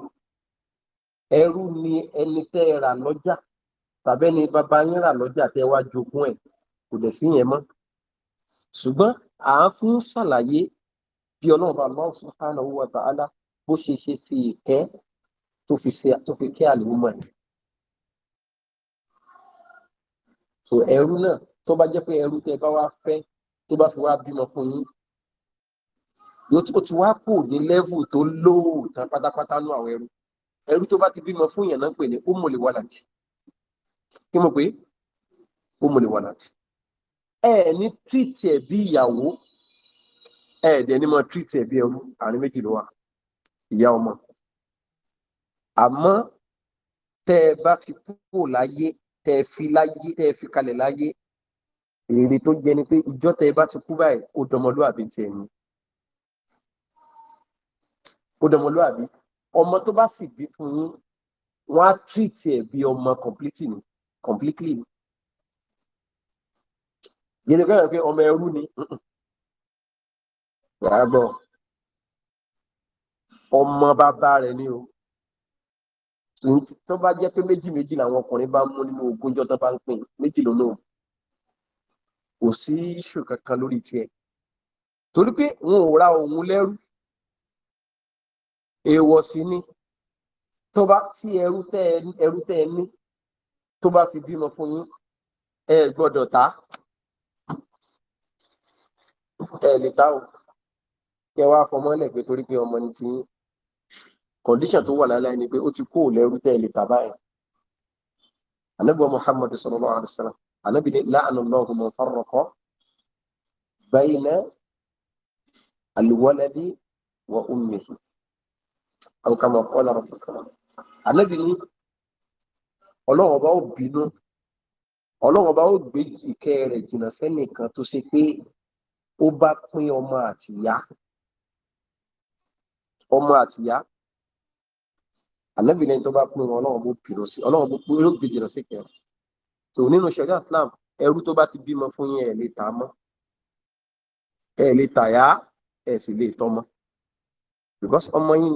ẹrú ni ẹni tẹ ẹ rà lọ́jà tàbí ẹni bàbá yín rà lọ́jà tẹ wá jogún ẹ kò dẹ̀ sí yẹn mọ́ ṣùgbọ́n à ń fún ṣàlàyé bí ọlọ́run bá Allah subhanahu wa ta'ala bó ṣe ṣe sí ìkẹ́ tó fi ṣe tó fi kẹ́ àlùmọ́ mọ̀ ní. tó ẹrú náà tó bá jẹ́ pé ẹrú tẹ́ bá wá fẹ́ tó bá fi wá bímọ fún yín ó ti wá kù ní lẹ́vù tó lóò tán pátápátá nú àwọn ẹrú ẹrú tó bá ti bímọ fún yàn náà pè ní umul walad kí mo pé umul walad ẹ ní tírìtì ẹ bí ìyàwó ɛyɛdeɛ ne ma treat ɛbi ɛwu ano méjì ló wa ìyá ọmọ àmọ́ tẹ́ ẹ bá fi kúrò láyé tẹ́ ẹ fi láyé tẹ́ ẹ fi kalẹ̀ láyé èrè tó jẹ ni pé ìjọ tẹ́ ẹ bá ti kú báyìí ó dọmọlúwàbí tiẹ̀ ni ó dọmọlúwàbí ọmọ tó bá sì bí fún yín wọ́n á treat ẹ bí ọmọ completely ni completely ni yẹn ló fẹ́ràn pé ọmọ ẹrú ni gbàgbọ́ ọmọ bàbá rẹ̀ ni o tó bá jẹ́ pé méjì méjì làwọn ọkùnrin bá mú nínú ogúnjọ́ tó bá ń pín méjì lónà kò sí ìṣù kankan lórí tiẹ̀ torí pé wọn ò ra òun lẹ́rú èèwọ̀ sí ni tó bá tí ẹrú tẹ́ ẹrú tẹ́ ẹ ní tó bá fi bímọ fún yín ẹ gbọ́dọ̀ ta ẹ lè ta o kẹ wá fọmọ lẹ̀ pé torí pé ọmọ ni ti yín condition tó wà lálẹ́ ni pé ó ti kó lẹ́rú tẹ́ ẹ lè tà báyìí anabiwa muhammadu sallallahu alaihi wa sallam anabi ni la'ana allahu man farraqa bayna alwaladi wa ummihi aw kama qala rasul sallam anabi ni ọlọ́wọ́ ó bínú ọlọ́wọ́ ó gbé ìkẹ́ rẹ̀ jìnnà sẹ́nìkan tó ṣe pé ó bá pín ọmọ àtìyá ọmọ àtìyá àlẹ́bìnrin tó bá pín wọn ọlọ́run bó pìrọ̀ sí ọlọ́run bó pín yóò gbèjìnà sí kẹrin tó nínú ṣẹ̀ríà Islam ẹrú tó bá ti bímọ fún yín ẹ̀ lè tà mọ́ ẹ̀ lè tà yá ẹ̀ sì lè tọ́ mọ́ because ọmọ yín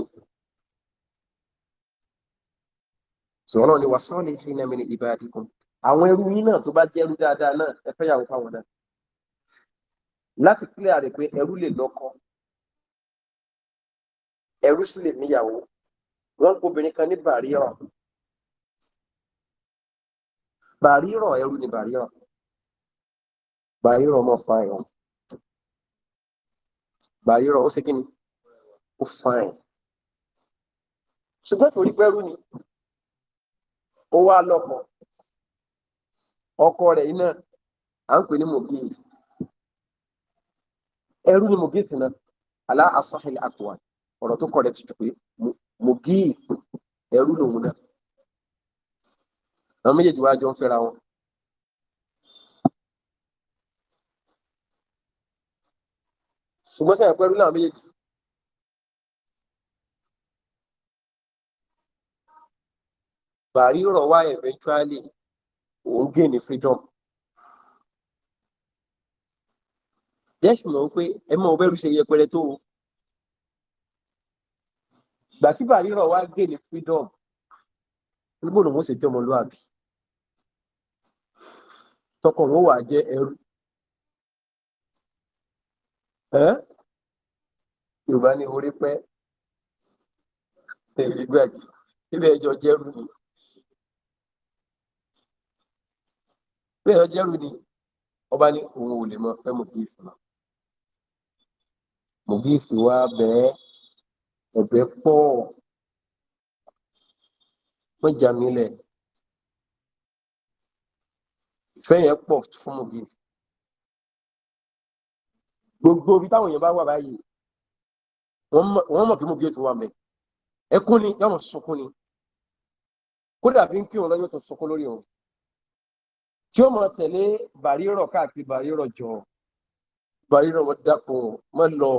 sọ ọlọ́run ni wàsán lè fi nàmì ní ibadikum àwọn ẹrú yín náà tó bá jẹ́ ẹrú dáadáa náà ẹ fẹ́ yàwó fáwọn náà láti clear rẹ̀ pé ẹrú lè lọ́kọ ẹrú sì lè níyàwó wọ́n kó obìnrin kan ní bàríran bàríran ẹrú ni bàríran bàríran ọmọ fàáyàn bàríran ó ṣe kí ni ó fàáyàn ṣùgbọ́n torí pẹ́rú ni ó wá lọ́kọ ọkọ rẹ̀ iná à ń pè ní mobile ẹrú ni mobile náà aláàsọ̀hìn àkùwàdì ọ̀rọ̀ tó kọ̀ rẹ̀ ti jù pé mo gí ẹrú lòun náà àwọn méjèèjì wá jọ ń fẹ́ra wọn. ṣùgbọ́n sẹ́yìn pẹ́rú náà méjèèjì. bàárí rọ̀ wá eventually òun gé ní freedom. yẹ́sùn mọ̀ pé ẹ mọ̀ ọ́ bẹ́rù ṣe yẹpẹrẹ tó o. gbà tí bàrírọ̀ wá gé freedom nígbò lòun ó sì tọkọ òun ó wà jẹ ẹrú yorùbá ní orí pẹ́ tẹ̀lé gbàgbé síbẹ̀ ẹjọ jẹrù ni ni ọba ní òun ò lè mọ kí kí ọ̀bẹ pọ̀ mọ́jà mi lẹ̀ ìfẹ́ yẹn pọ̀ fún mi bí gbogbo ibi táwọn èèyàn bá wà báyìí wọ́n mọ̀ pé mo bí ètò wà mẹ́ ẹkún ni yọ̀mọ̀ sunkún ni kódà bí ń kí òun lọ́yọ́ tó sunkún lórí òun tí ó mọ̀ tẹ̀lé bàrírọ̀ káàkiri bàrírọ̀ jọ bàrírọ̀ wọn dákun mọ́ lọ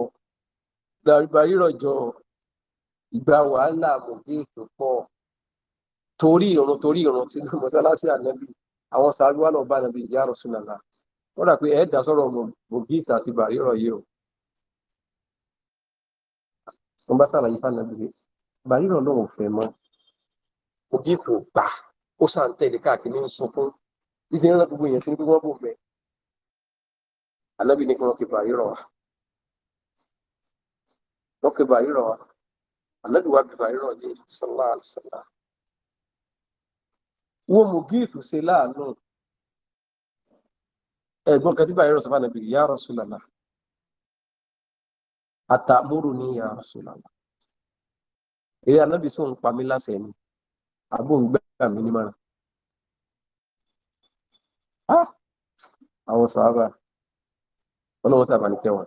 bàrírọ̀ jọ ìgbà wàhálà mọ̀gíyè tó pọ̀ torí ìrun torí ìrun tí mọ́sálásí ànábì àwọn sàájú wà lọ bá ànábì ìyá Rasulullah wọ́n rà pé ẹ̀ẹ́dà sọ̀rọ̀ mọ̀gíyè àti bàrí ọ̀rọ̀ yìí o wọ́n bá sàlàyé fànàbì pé bàrí ọ̀rọ̀ náà ò fẹ́ mọ́ mọ̀gíyè tó gbà ó sàǹtẹ̀lé káàkiri ń sunkún ìṣe ńlá gbogbo èèyàn sí pé wọ́n bò mẹ́ ànábì ní kí wọ́n kí bàrí ọ̀rọ̀ wa wọ́n kí bàrí ọ̀rọ̀ wa ànábì wa bìbà irọ́ ní sallallahu alaihi wasallam wo mùgíìtù ṣe láàánú ẹ̀gbọ́n kan tí bàbá irọ́ sọ fún ànábì ya Rasulallah àtàmúrò ní ya Rasulallah eré ànábì sóun pa mí láṣẹ ni àbóǹgbà mi ní mọ́ra ah! àwọn sàábà ọlọ́wọ́ sàbà ní kẹwàá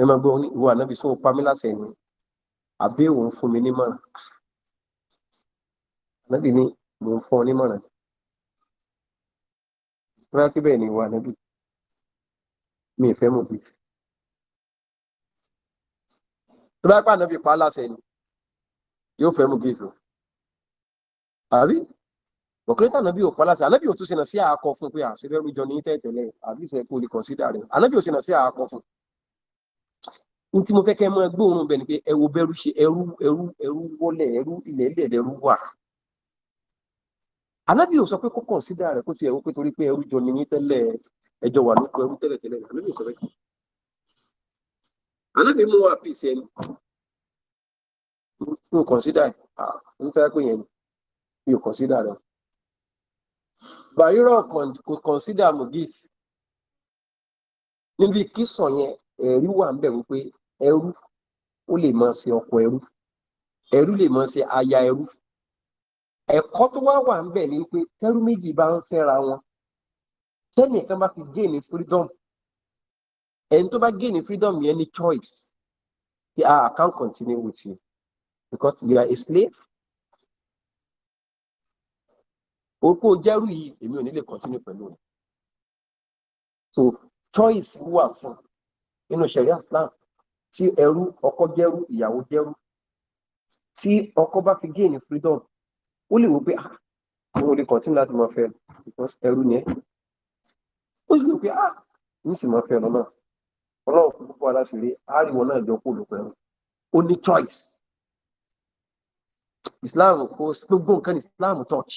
ẹ máa gbọ́ ìwọ ànábì sóun pa mí láṣẹ ni àbí òun fún mi nímọ̀ràn ànábì ni mò ń fún ọ nímọ̀ràn rárá kí bẹ́ẹ̀ ni ìwà ànábì mi ì fẹ́ mọ̀ bí tó bá pàdánù bí pa á láṣẹ ni yóò fẹ́ mú gíìfù àbí ọ̀kẹ́rẹ́tà náà bí ò pálásẹ̀ anábì ò tún ṣe nà sí àákọ fún pé àṣírí ẹrú jọ ní tẹ́tẹ̀lẹ̀ àti ìṣẹ́kù olùkọ̀sídà rẹ̀ anábì ò sí àákọ fún ní mo fẹ́ kẹ́ mọ́ gbóòórùn obere ni pé ẹ̀wò bẹ̀rù ṣe eru ẹ̀rú ẹ̀rú wọlé ẹ̀rú ilẹ̀ ilẹ̀ wà. sọ pé kó kọ̀nsídà rẹ̀ kó ti ẹ̀wò pé torí jọ ni tẹ́lẹ̀ ẹjọ́ wà lóko ẹ̀rú tẹ́lẹ̀ tẹ́lẹ̀ Ànábì sọ bẹ́ẹ̀. Ànábì mú wa pèsè ẹni mo kọ̀nsídà ah ń tẹ́ pé yẹn mi ò ẹrú ó lè máa ṣe ọkọ ẹrú ẹrú lè máa ṣe aya ẹrú ẹ̀kọ́ tó wá wà ń bẹ̀ ni pé tẹ́rú méjì bá ń fẹ́ra wọn tẹ́nìkan bá fi géènì freedom ẹni tó bá géènì freedom yẹn ní choice pé ah I can't continue with you because you are a slave orúkọ jẹ́rú yìí èmi ò ní lè continue pẹ̀lú rẹ̀ so choice wà fún nínú sharia Islam tí ẹrú ọkọ jẹrú ìyàwó jẹrú tí ọkọ bá fi gain freedom ó lè wò pé ah mo lè continue láti máa fẹ́ because ẹrú ni ẹ ó sì lè pé ah n sì máa fẹ́ ọ náà Ọlọ́run kò púpọ̀ aláṣẹlẹ àríwọ náà jọ kó lóko ẹrú ó ní choice Islam kò gbogbo nǹkan Islam touch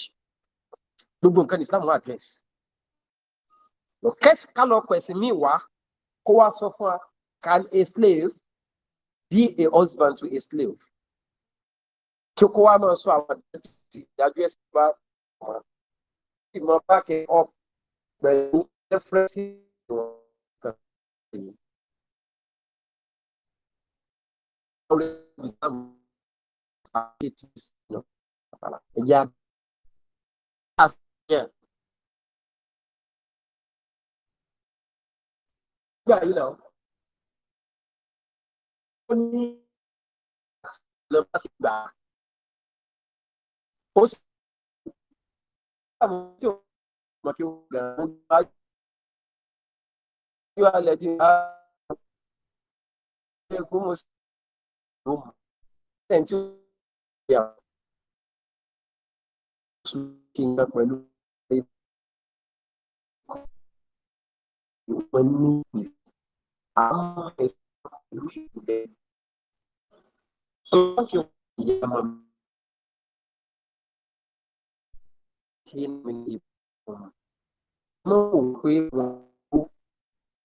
gbogbo nǹkan Islam wà address lọ kẹsì ká lọ pẹ̀sìn míì wá kó wá sọ fún wa can a slave be a husband to a slave kí kó wá máa sọ àwọn ìdájọ́ ẹ̀sìn bá wọn kí bá kí ọ pẹ̀lú rẹ́fúrẹ́sì ìwọ̀n kan Yeah, you know ní lọ́ba fi gbà ó sì àwọn tí ó mọ̀ kí ó gbà ó gbà yóò alẹ́ di bá ṣe kó mo sì ló mọ̀ lẹ́yìn tí ó yà ó sùn kí n yà pẹ̀lú ìwọ̀n ní ìlú àwọn ẹ̀sìn ìlú ìlú lẹ́yìn. أنكر أيام حين من إبراهيم موقف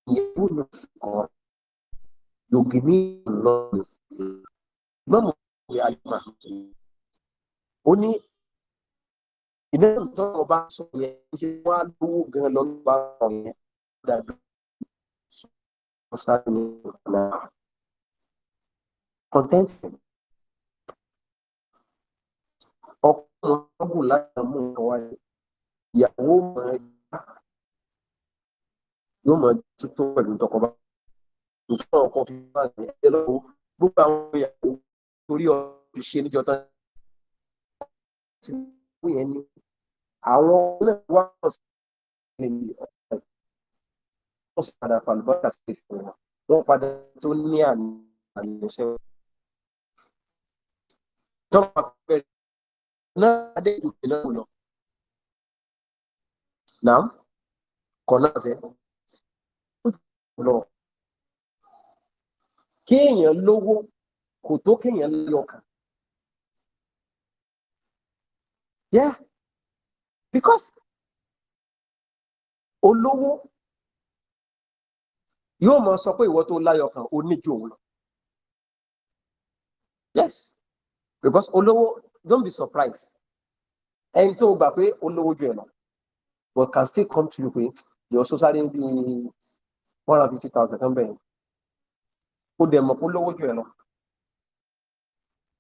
يكون فقر يغني الله Imam ó ní iná tọrọ bá sọ yẹn ṣe wá lówó gan lọ bá sọ yẹn dàbí sọ sáré ọkùnrin wọn gùn láti mú nǹkan wáyé ìyàwó mọ ẹyà yóò mọ títọ pẹ̀lú tọkọba nǹkan ọkọ fi wá ní ẹgbẹ́ lọ́wọ́ gbogbo àwọn ìyàwó torí ọ̀rọ̀ fi ṣe níjọ tán ti mú yẹn ní àwọn náà wá pọ̀ ní wọn sì padà sí fún wọn padà tó ní àmì àmì ìṣẹ́wọ̀n. tọ́pọ̀ náà adé ìpè náà lọ náà kọ̀ náà kéèyàn lówó kò tó kéèyàn lọ́kàn yeah because olówó yóò mọ sọ pé ìwọ tó láyọ̀ kan ó ní òun lọ yes because olówó don't be surprised ẹni tó gbà pé ó lówó ju ẹ lọ but can still come to you pé yọ sọ́sáré ń bí one hundred fifty thousand kan bẹ́ẹ̀ ó dẹ̀ mọ̀ pé lówó ju ẹ lọ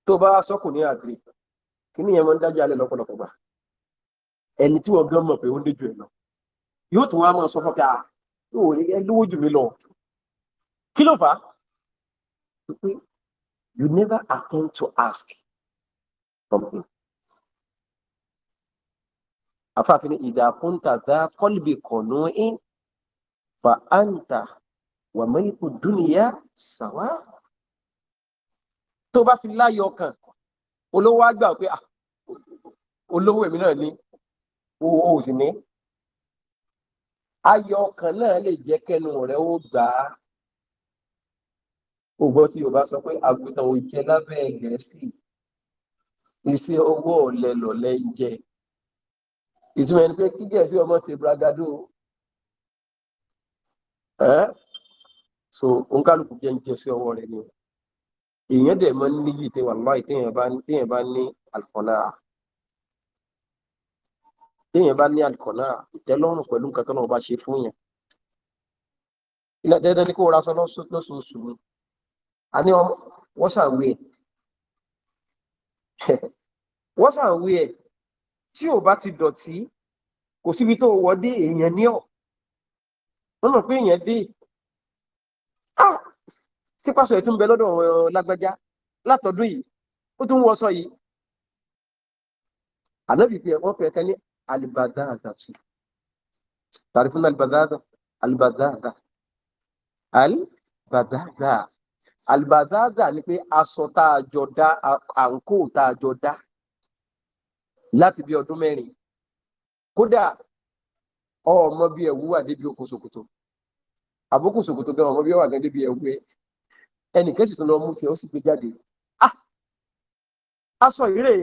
tó bá sọ́kù ní àgbè kí ni ìyẹn máa ń dájú alẹ́ lọ́pọ̀lọpọ̀ gbà ẹni tí wọ́n gan mọ̀ pé ó ń dé ju ẹ lọ yóò tún wá máa sọ fọ́kà yóò ah, rí ẹ lówó jù mí lọ kí ló fà á you never attempt to ask afáàfin ní ìdàkúntà dá kọ́lìbì kọ̀nù in fa anta wà mẹ́yìkù dúnìyà sàwá tó bá fi láyọ̀ ọkàn olówó á gbà pé ah, olówó èmi náà ní o sì ní ayọ̀ ọkàn náà lè jẹ́ kẹ́nu rẹ̀ ó gbà á ògbọ́n tí Yorùbá sọ pé àgùntàn ò jẹ lábẹ́ Gẹ̀ẹ́sì iṣẹ́ ọwọ́ ọ̀lẹ lọ̀lẹ ń jẹ ìtumọ̀ ẹni pé kíkẹ́ sí ọmọ ṣe bragado so òǹkàlùkù jẹ́ ń jẹ sí ọwọ́ rẹ̀ ni èèyàn dẹ̀ mọ́ níyì tẹ wàláì téèyàn bá téèyàn bá ní àlùfọ́nà téèyàn bá ní àlùfọ́nà ìtẹ́lọ́rùn pẹ̀lú nǹkan tó náà bá ṣe fún yẹn ilẹ̀ dẹ́dẹ́ ní kó ra aṣọ lóṣooṣù a ní wọ́n ṣàwé wọ́n ṣàwé ẹ̀ tí ò bá ti dọ̀tí kò síbi tó wọ́ dé èèyàn ní ọ̀ wọ́n mọ̀ pé èèyàn dé ah sípàṣọ ẹ̀ tó ń bẹ lọ́dọ̀ lágbájá látọ̀dún yìí ó tún wọ́ sọ yìí ànábì pé wọ́n fẹ̀ẹ́ kan ní alibadaza tù tàrífún alibadaza alibadaza alibadaza albazaza ni pé aṣọ tá a jọ dá àǹkó tá a jọ dá láti bí ọdún mẹ́rin kódà ọmọ bí ẹ̀wú wà débi okùn ṣòkòtò àbókùn ṣòkòtò gan ọmọ bí ẹwà gan débi ẹ̀wú ẹ ẹnìkan sì tún lọ mú tiẹ̀ ó sì gbé jáde ah aṣọ ìrè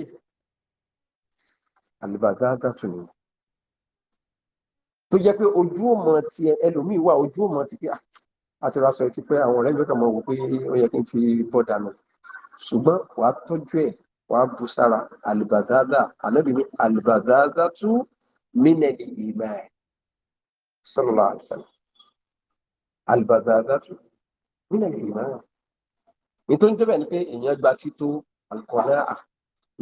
albazaza tún ni tó jẹ́ pé ojú ọmọ tiẹ̀ ẹlòmíì wà ojú ọmọ ti pé ah àti ra sọ etí pé àwọn ọ̀rẹ́ mi kàn mọ̀ wò pé ó yẹ kí n ti bọ́ dànù ṣùgbọ́n wàá tọ́jú ẹ̀ wàá bu sára àlùbàdàdà ànábì ní àlùbàdàdà tú mínẹ́lì ìgbà ẹ̀ sọ́nùlá àìsàn àlùbàdàdà tú mínẹ́lì ìgbà ẹ̀ ní tó ń jẹ́ ni pé èèyàn gba tító àlùkọ́lá à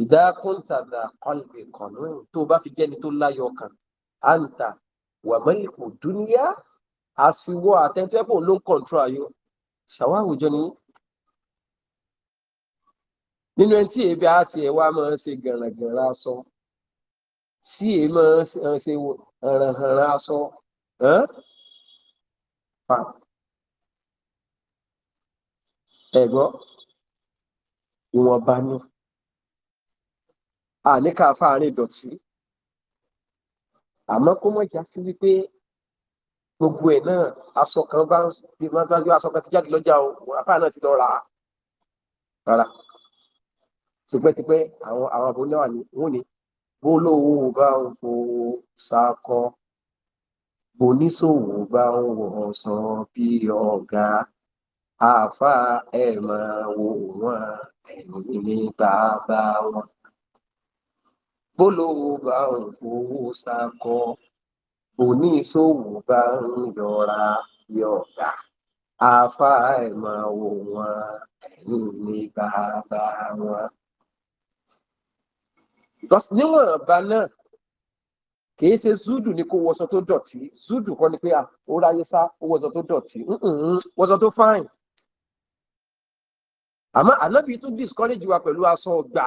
ìdákùntàdà kọlùbì kọ̀nù tó bá fi jẹ́ni tó láyọ̀ kan àǹtà wàmẹ́lì dúníyà àsìwọ àtẹnudẹ́pọ̀ ló ń control ayọ̀ sawa àwùjọ ni nínú ẹni tí èébì á tiẹ̀ wá máa ń ṣe gànràngànrà aṣọ sí èé máa ń ṣe hànrànhànrà aṣọ ẹ̀gbọ́n ìwọ̀nba ni àníkà fáàrin ìdọ̀tí kó mọ̀ já wípé gbogbo ẹ̀ náà aṣọ kan bá ti máa gbájú aṣọ kan ti jáde lọ́jà o àpá náà ti lọ rà á rárá tipẹ́tipẹ́ àwọn àwọn àbò náà ni wọ́n ní bó lówó bá ń fowó ṣakọ boníṣòwò bá ń wọ̀ sàn bí ọ̀gá àáfàá ẹ̀ máa wò wọ́n ẹ̀yìn ní bàbá wọn bó lówó bá ń fowó ṣakọ oníṣòwò bá ń yọra yọ̀ọ̀dà àáfàá ẹ̀ máa wò wọ́n ẹ̀yìn ní bàbá wọn. níwọ̀n ọba náà kìí ṣe zúdù ni kó wọṣọ tó dọ̀tí zúdù kọ́ ni pé ó ráyé sá ó wọṣọ tó dọ̀tí wọṣọ tó fáìn. àmọ́ ànábì tún discourage wa pẹ̀lú aṣọ ọgbà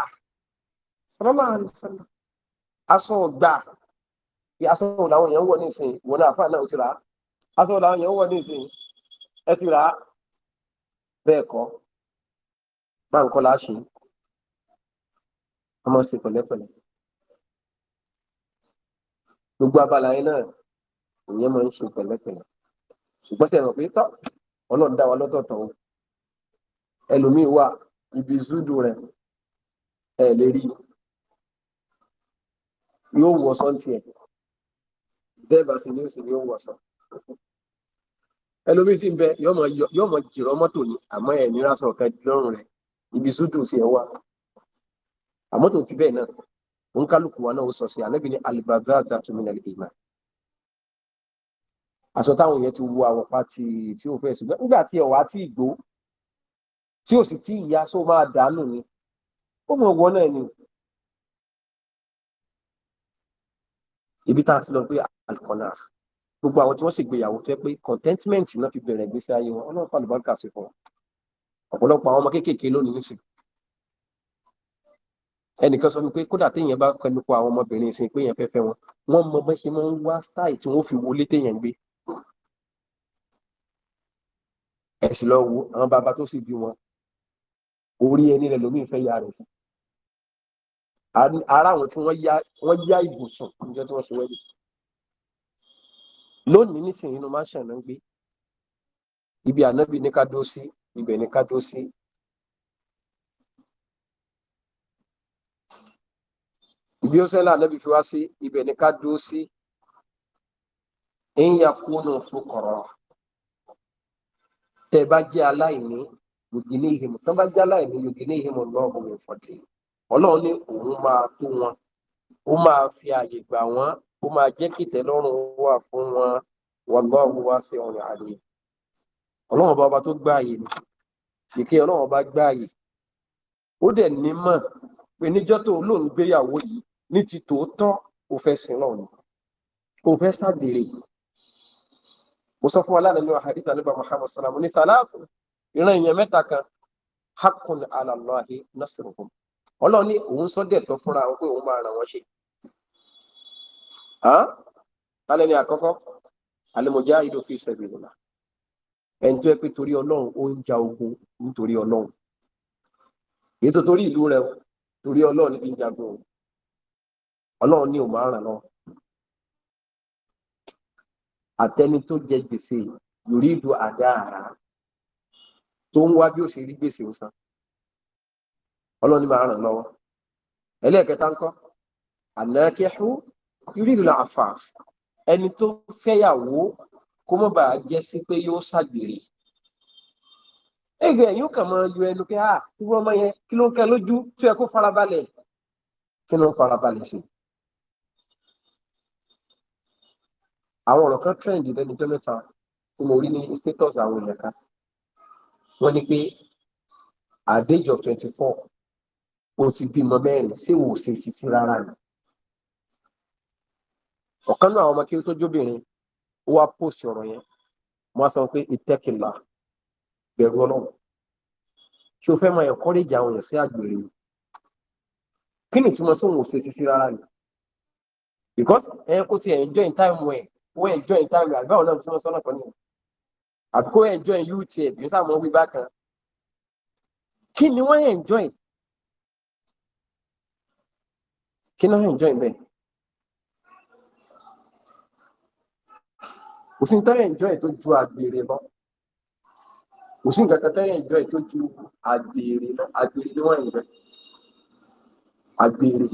sallallahu alaihi aṣọ ọgbà kí aṣọ wo làwọn èèyàn ń wọ̀ ní ìsìn wọn náà àfáà náà ó ti rà á aṣọ wo làwọn èèyàn ń wọ̀ ní ìsìn ẹ e ti rà á bẹ́ẹ̀ kọ́ bá ń kọ́ la ṣe ọmọ sí pẹ̀lẹ́pẹ̀lẹ́ gbogbo abala yẹn náà ìyẹn máa ń ṣe pẹ̀lẹ́pẹ̀lẹ́ ṣùgbọ́n sẹ́yìn rẹ̀ pé tọ́ ọlọ́run dá wa lọ́tọ̀ọ̀tọ̀ o ẹlòmíín wà ibi zúdù rẹ̀ ẹ̀ lè rí yóò wọ sọ́ńtì ẹ̀ bẹ́ẹ̀ bá ṣe ní ó ṣe ní ó ń wọṣọ ẹlòmíín sì ń bẹ yóò mọ jìrọ mọ́tò ni àmọ́ ẹ̀ nira sọ kan lọ́rùn rẹ̀ ibi sùdù fi ẹ̀ wá àmọ́ ti bẹ́ẹ̀ náà òun kálukú wa náà ó sọ sí àlẹ́bí ní alibazata tuminal iman aṣọ táwọn yẹn ti wo àwọ̀ pati tí ó fẹ́ ṣùgbọ́n nígbà tí ọ̀wá tí ì tí ó sì tí ìyá só máa dànù ni ó mọ̀ wọ́n náà ni ibi tá a ti lọ pé alukọ́lá gbogbo àwọn tí wọ́n sì gbéyàwó fẹ́ pé contentment náà fi bẹ̀rẹ̀ ìgbésí ayé wọn ọlọ́run fún àlùbáríkà sí fún wọn ọ̀pọ̀lọpọ̀ àwọn ọmọ kéékèèké lónìí nísìn ẹnìkan sọ pé kódà téèyàn bá kẹnu kọ àwọn ọmọbìnrin ìsìn pé èèyàn fẹ́ fẹ́ wọn wọ́n mọ bọ́n ṣe máa ń wá style tí wọ́n fi wọlé téèyàn gbé ẹ̀sìn lọ wo àwọn bàbá tó sì bí wọn orí ẹni rẹ lómi ìfẹ́ ya rẹ̀ fún ara àwọn tí wọ́n yá ìbùsùn níjọ́ tí wọ́n ṣe wẹ́dẹ̀ lónìí nísìnyí ló máa ṣàná gbé ibi ànábì ní ká dó sí ibẹ̀ ní ká dó sí. ibi ó sẹ́lá ànábì fi wá sí ibẹ̀ ní ká dó sí ń ya kúnnù fúkọ̀rọ̀ tẹ bá jẹ́ aláìní yògì ní ìhìmọ̀ tán bá jẹ́ aláìní yògì ní ìhìmọ̀ lọ́ọ̀bù ìfọ̀dé ọlọ́run ní òun máa tó wọn ó máa fi àyè gbà wọ́n ó máa jẹ́ kí ìtẹ́lọ́rùn wà fún wọn wallahu wasi'un alim ọlọ́run bá ọba tó gbáàyè ni kìkì ọlọ́run bá gbáàyè ó dẹ̀ ní mọ̀ pé níjọ́ tó lóun gbéyàwó yìí ní ti tòótọ́ ó fẹ́ sin náà ni ó fẹ́ sábìrì mo sọ fún wa lánàá ní àhàdìsá nígbà Muhammad salamu ní sàláàfù ìran èèyàn mẹ́ta kan hakun ala Allahi ọlọ́run ní òun sọ́dẹ̀ tó fúnra wọn pé òun máa ràn wọ́n ṣe Haa, ní àkọ́kọ́ al-mujahidu fi sabilillah ẹni tó yẹ pé torí ọlọ́run ó ń ja ogun nítorí ọlọ́run torí ìlú rẹ torí ọlọ́run ní ń jagun ọlọ́run ní òun àràn náà àtẹni tó jẹ gbèsè yuridu àdáàrá tó ń wá bí ó ṣe rí gbèsè ó san ọlọ́run yuridu làáfà ẹni tó fẹ́yàwó kó mọ̀ bá jẹ́ sí pé yóò ṣàgbèrè ẹgbẹ́ yóò kàn máa yọ ẹnu pé ah irú ọmọ yẹn kí ló ń kẹ́ lójú tó yẹ kó farabalẹ̀ kí ló ń farabalẹ̀ sí. àwọn ọ̀rọ̀ kan trend lẹ́nu jẹ́ mẹ́ta tí mo rí ní status àwọn èèyàn kan wọ́n ní pé at of twenty four o ti bímọ mẹ́rin ṣé wò ó ṣe sí rárá ni ọ̀kan náà àwọn ọmọ kí ó tó jóbìnrin ó wá pòsì ọ̀rọ̀ yẹn mo á sọ pé ìtẹ́kìlá bẹ̀rù ọlọ́run ṣé o fẹ́ máa encourage àwọn èèyàn sí àgbèrè kí ni ìtumọ̀ sóhun ò ṣe sí sí rárá ni because ẹ kó ti enjoy time wẹ̀ ó enjoy time rẹ̀ àgbáwọn náà tí wọ́n sọ́nà kan nìyẹn àkó enjoy youth ẹ̀ yóò sáà mọ̀ wí bákan kí ni wọ́n enjoy kí ni wọ́n enjoy bẹ́ẹ̀. sí tẹ́lẹ̀ ìjọ ẹ̀ tó ju àgbèrè lọ kò sí nǹkan kan tẹ́lẹ̀ ìjọ ẹ̀ tó ju àgbèrè lọ àgbèrè ni wọ́n ń rẹ̀ àgbèrè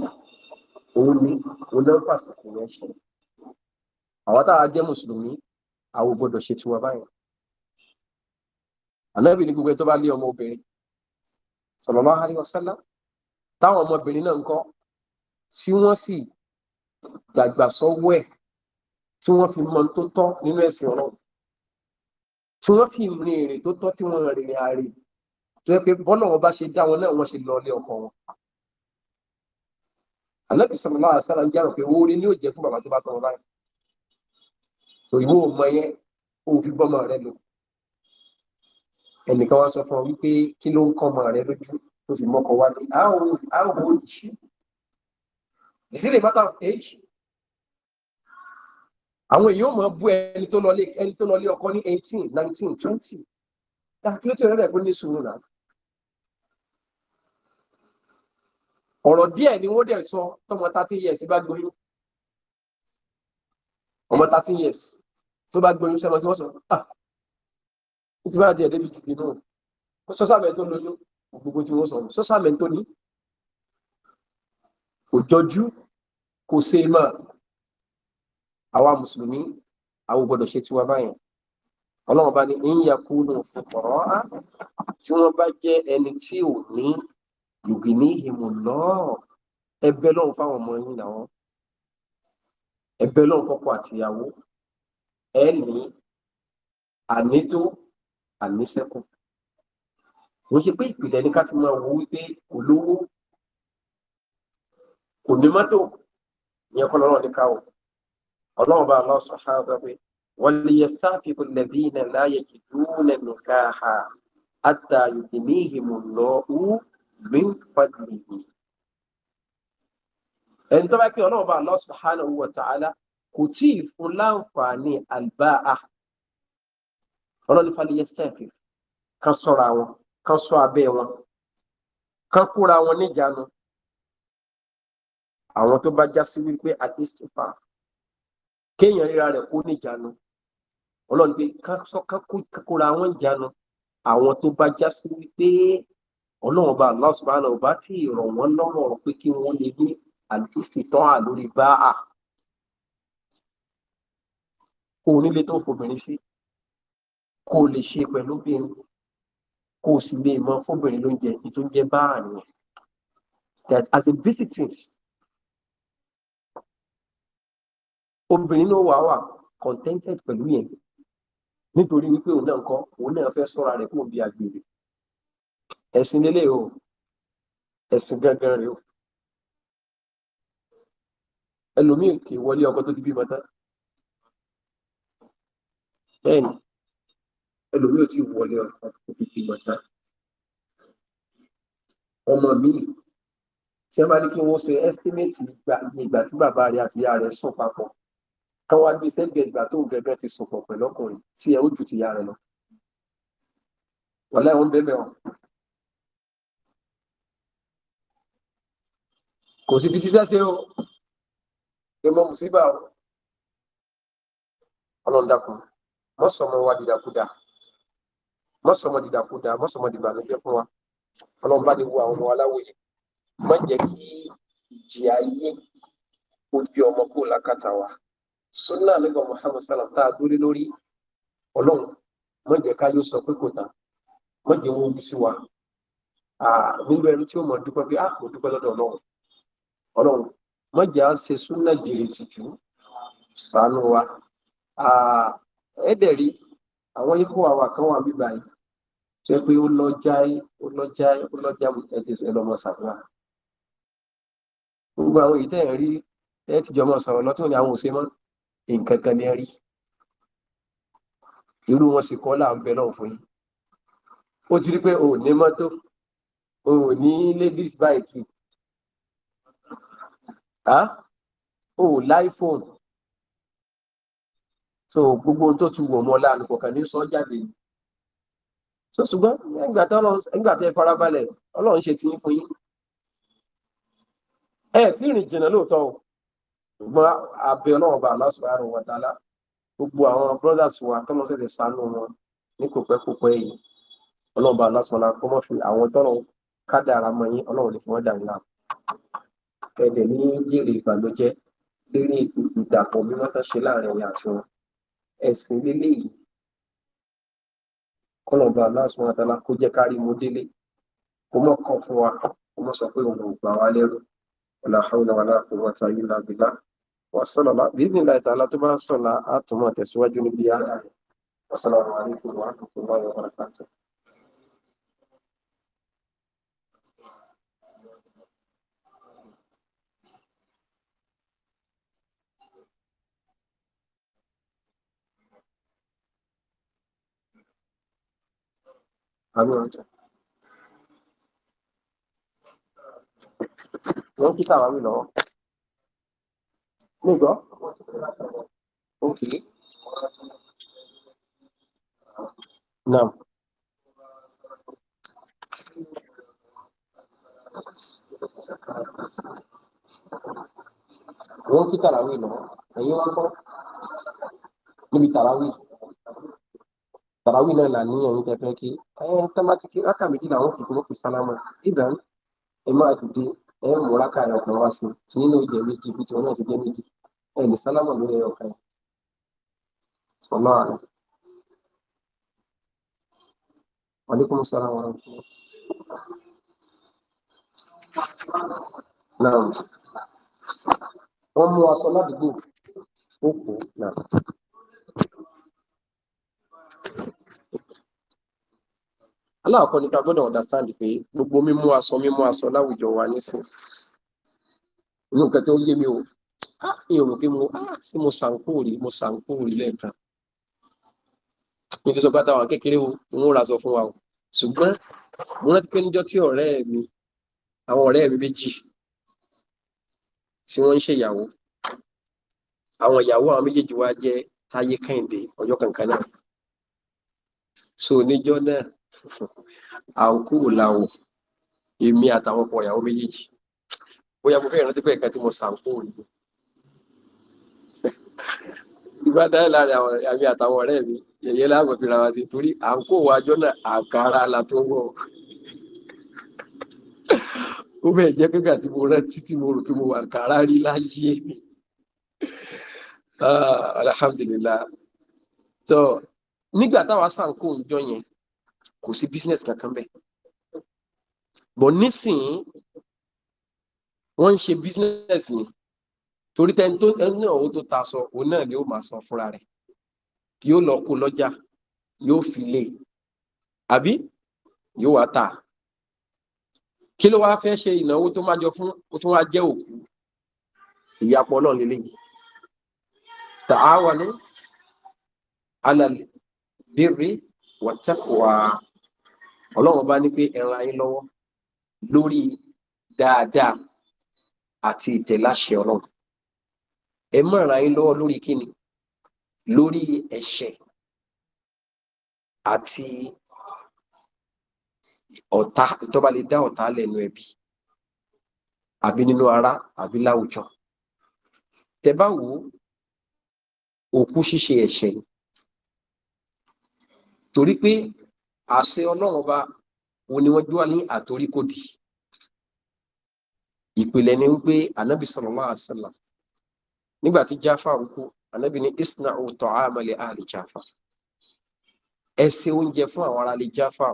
òun ni olóńpàṣẹkù yẹn ṣe àwọn táwa jẹ́ mùsùlùmí àwọn gbọ́dọ̀ ṣe tiwa báyìí ànábì ní gbogbo ẹ̀ tó bá lé ọmọ obìnrin sallallahu alaihi wasallam táwọn ọmọbìnrin náà ń kọ́ tí wọ́n sì dàgbà ẹ̀ tí wọ́n fi mọ tó tọ́ nínú ẹ̀sìn ọlọ́run tí wọ́n fi rin èrè tó tọ́ tí wọ́n rìnrìn àárẹ̀ tó yẹ pé bọ́lá wọn bá ṣe dá wọn náà wọ́n ṣe lọ ilé ọkọ wọn. àlẹ́bí sọ̀rọ̀ máa sára ń járo pé owó orí ni yóò jẹ́ fún bàbá tó bá tọrọ báyìí tó ìwé òmọ yẹn ó fi bọ́mọ rẹ lò ẹnìkan wá sọ fún ọ wípé kí ló ń kọ́ ọmọ rẹ lójú tó fi mọ́kọ wá ní àwọn òṣìṣẹ́ ìsílẹ̀ matter of age àwọn èèyàn mọ̀ bú ẹni tó lọlé ẹni tó lọlé ọkọ ní eighteen nineteen twenty dákìlẹ̀ tó rẹ̀ kó ní sùúrù náà. ọ̀rọ̀ díẹ̀ ni wọ́n dẹ̀ sọ tọmọ thirty years bá gbóyún ọmọ thirty years tó bá gbóyún sẹ́wọ̀n tí wọ́n sọ ah ti bá díẹ̀ débi jùlọ náà wọ́n sọ sáàmì tó lóyún gbogbo tí wọ́n sọ sọ sáàmì tó ní kò jọjú kò ṣe é máa àwa mùsùlùmí àwọn gbọ́dọ̀ ṣe tiwa báyẹn Ọlọ́run bá ní ìyá kúlù fọkọrọ á tí wọ́n bá jẹ́ ẹni tí ò ní yògì ní ìmọ náà ẹ̀bẹ̀ lọhùn fáwọn ọmọ yín làwọn ẹ̀bẹ̀ lọhùn fọ́kọ àtìyàwó ẹ ní ànító àníṣẹ́kù kò ṣe pé ìpìlẹ̀ ní ká ti máa wo wípé kò lówó kò ní mọ́tò ìyẹn kọ́ lọ́rọ̀ ní ká o ọlọ́run bá lọ sọ fún àwọn pé wọ́n lè yẹ sáfì kò lẹ́bí ilẹ̀ láàyè kì dúró nìka ha àtà yòtìmíhìmù lọ ú min fadlihi. ẹni tó bá kí ọlọ́run bá lọ sọ fún àwọn wọ̀tàálá kò tí ì fún láǹfààní àlùbáà ọlọ́run fàlẹ́ yẹ sáfì kan sọ̀rọ̀ àwọn kan sọ abẹ́ wọn kan kóra wọn níjànú àwọn tó bá já sí wípé àdéṣe fà kéèyàn ríra rẹ̀ kó ní ìjánu ọlọ́run pé kákóra àwọn ìjánu àwọn tó bá já sí wípé ọlọ́run bá Allah subhanahu bá tí ìrọ̀ wọ́n lọ́rọ̀ pé kí wọ́n lè ní àdìsí tán à lórí bá a kó o nílé tó fòbìnrin sí kó o lè ṣe pẹ̀lú obìnrin kó o sì lè mọ fóbìnrin lóúnjẹ ètò oúnjẹ bá a nìyẹn that as a basic obìnrin náà wà wà contented pẹ̀lú yẹn nítorí wípé òun náà kọ́ òun náà fẹ́ sọ́ra rẹ̀ kó bí agbèrè ẹ̀sìn lélẹ̀ o ẹ̀sìn gangan rẹ̀ o ẹlòmíì kì í wọlé ọkọ tó ti bímọ tán bẹ́ẹ̀ ni ẹlòmíì ò tí ì wọlé ọkọ tó ti bímọ tán ọmọ míì tí wọ́n bá ní kí wọ́n ṣe ẹ́stímẹ́tì ìgbà tí bàbá rẹ̀ àti ìyá rẹ̀ sùn papọ̀ kan wá gbé sẹ́gbẹ̀ẹ́ ìgbà tó ń gẹ́gẹ́ ti sùn pọ̀ pẹ̀lú ọkùnrin tí ẹ ó jù ti ya rẹ lọ. wàlẹ́ òun bẹ́ẹ̀ wọn. kò sí bí sísẹ́ ṣe o pé mo mú síbà o ọlọ́run dákun mọ́sọ̀mọ́ wa dìdàkudà mọ́sọ̀mọ́ dìdàkudà mọ́sọ̀mọ́ dìbànújẹ́ fún wa ọlọ́run bá wo àwọn ọmọ aláwọ̀ yìí má jẹ́ kí ìjì ayé ojú ọmọ kó lákàtà wa sunna nígbà muhammad salam tá a dúró lórí ọlọ́run mọ̀jẹ̀ ká yóò sọ pé kò tán mọ̀jẹ̀ wọn bí sí wa nínú ẹni tí ó mọ̀ dúpẹ́ pé àpò dúpẹ́ lọ́dọ̀ ọlọ́run ọlọ́run mọ̀jẹ̀ á ṣe sunna jèrè tìjú sànú wa ẹ̀ẹ́dẹ̀rí àwọn ikú àwa kan wà bíbá yìí tó yẹ pé ó lọ jáì ó lọ jáì ó lọ já ẹtì ẹlọmọ sàdúrà gbogbo àwọn èyí tẹ́ ẹ̀ rí ẹ ti jọmọ sọ̀rọ̀ lọ́tún ni àwọn ò ṣe mọ́ nǹkan kan ní rí irú wọn sì kọ́ là ń bẹ lọ́wọ́ fún yín ó ti rí pé o ò ní mọ́tò o ò ní ladies bike o ò láìfóònù so gbogbo ohun tó ti wọ̀ mọ́ láàánú kọ̀ọ̀kan ní sọ jáde yìí so ṣùgbọ́n nígbà tẹ́ farabalẹ̀ ọlọ́run ṣe ti ń fún yín ẹ tí rìn jìnnà lóòótọ́ o ṣùgbọ́n abẹ́ ọlọ́run bá Allah subhanahu wa ta'ala gbogbo àwọn brothers wa tọ́lọ́ ṣẹ̀ṣẹ̀ sánú wọn ní kòpẹ́kòpẹ́ yìí ọlọ́run bá Allah subhanahu kọ́ mọ́ fi àwọn tọ́lọ́ kádàrá mọ́ yín ọlọ́run lè fi wọ́n dàrú náà ẹ̀dẹ̀ ní jèrè ìbànújẹ́ lérí ìdàpọ̀ bí wọ́n fẹ́ ṣe láàrin ẹ̀yà àti wọn ẹ̀sìn lílé yìí kọ́lọ̀ bá Allah subhanahu wa kó jẹ́ kárí mo délé kó mọ̀ kàn fún wa kó mọ̀ sọ pé òun ò gbà wá lẹ́rù wala hawla wala quwwata illa billah wasọ́lọ́lá bíbí ńlá ìtàlá tó bá ń sọ̀la á tún mọ̀ tẹ̀síwájú níbi yára wasọ́lọ́lá àríkùn wà tó bá yọ mo gbọ́ ok now. wọ́n kí tàràwì lọ ẹ̀yin wá kọ́ níbi tàràwì tàràwì náà là ní ẹ̀yin tẹ́ fẹ́ kí ẹ̀ tẹ́mátìkì rákà méjì làwọn kìkì ló fi sálámà ìdán ẹ̀ máa dìde ẹ mú rákà ẹyọ kan wá sí tí nínú ìjẹ méjì bí tiwọn náà ti jẹ méjì ẹ lè sálámà lórí ẹyọ kan ọlọ́run aleykum salaam wa rahmatulah. Now, wọ́n mú aṣọ ládùúgbò ó kù náà aláàkọ́ ni ká gbọ́dọ̀ understand pé gbogbo mímú aṣọ mímú aṣọ láwùjọ wa nísìn inú nǹkan tó yé mi o ìyẹn ah, rò pé mo sí ah, mo sàǹkó rí mo sàǹkó rí lẹ́ẹ̀kan mi fi sọ pé àtàwọn kékeré o wọn ra sọ fún wa o ṣùgbọ́n mo rántí pé níjọ́ tí ọ̀rẹ́ mi àwọn ọ̀rẹ́ mi méjì tí wọ́n ń ṣèyàwó àwọn ìyàwó àwọn méjèèjì wa jẹ́ táyé kẹ́hìndé ọjọ́ kankan náà so níjọ́ náà àwòkú làwò èmi àtàwọn ọkọ ìyàwó méjèèjì bóyá mo fẹ́ ìrántí pé ẹ̀ka tí mo sàǹkó ni ìgbà dáhà láàrin àwọn àmì àtàwọn ọ̀rẹ́ mi yẹ̀yẹ́ láàbọ̀ fi ra wa sí torí à ń kó wa jọ náà àkàrà la tó wọ̀ ó bẹ̀ jẹ́ pípa tí mo rántí tí mo rò pé mo wà àkàrà rí láyé mi ah, alhamdulillah tó nígbà táwa sàǹkó ń yẹn kò sí business kankan bẹ́ẹ̀ bọ̀ nísìnyí wọ́n ń ṣe business ni torí tẹni tó ẹni ọ̀hún tó ta sọ òun náà ni ó máa san fúnra rẹ̀ yóò lọ kó lọ́jà yóò fi lé e. àbí yóò wá tà kí ló wáá fẹ́ ṣe ìnáwó tó máa jọ fún ó tún wáá jẹ́ òkú ìyapọ̀ náà lélẹ́yìí tààwà ní alàlẹ́ bèrè wàtẹ́kùwàá ọlọ́run bá ní pé ẹran ayé lọ́wọ́ lórí dáadáa àti ìtẹ̀láṣẹ ọlọ́run ẹ mọ̀ ẹran ayé lọ́wọ́ lórí kíni lórí ẹ̀ṣẹ̀ àti ọ̀tá tó lè dá ọ̀tá lẹ́nu ẹbí àbí nínú ara àbí láwùjọ tẹ bá wò ó òkú ṣíṣe ẹ̀ṣẹ̀ torí pé àṣẹ ọlọ́run ọba òun ni wọ́n gbé wá ní àtoríkòdì ìpìlẹ̀ ni wípé anabi sallallahu alaihi wasallam nígbà tí jáfà rúkú anabi ní isna'u ta'ama li ahli jáfà ẹ oúnjẹ fún àwọn ará lè jáfà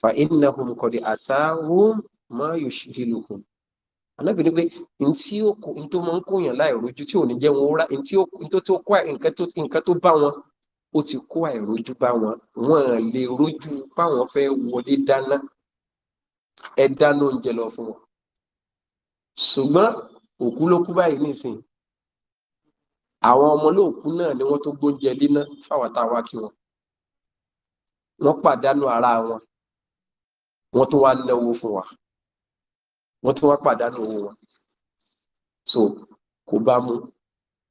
fa innahum qad atahum ma yushghiluhum anabi ní pé ntí ó kó ntó máa ń kóyàn láì rojú tí ò ní jẹ́ wọn ó rá ntí ó kó nǹkan tó bá wọn ó ti kó àìrójú bá wọn wọn lè rójú báwọn fẹ́ wọlé dáná ẹ dáná oúnjẹ lọ fún wọn ṣùgbọ́n òkú ló kú báyìí nísìnyí àwọn ọmọ olóòkú náà ni wọ́n tó gbóúnjẹ léná fáwọn táwa kí wọn wọ́n pàdánù ara wọn wọ́n tó wá náwó fún wa wọ́n tó wá pàdánù owó wọn so kò bá mu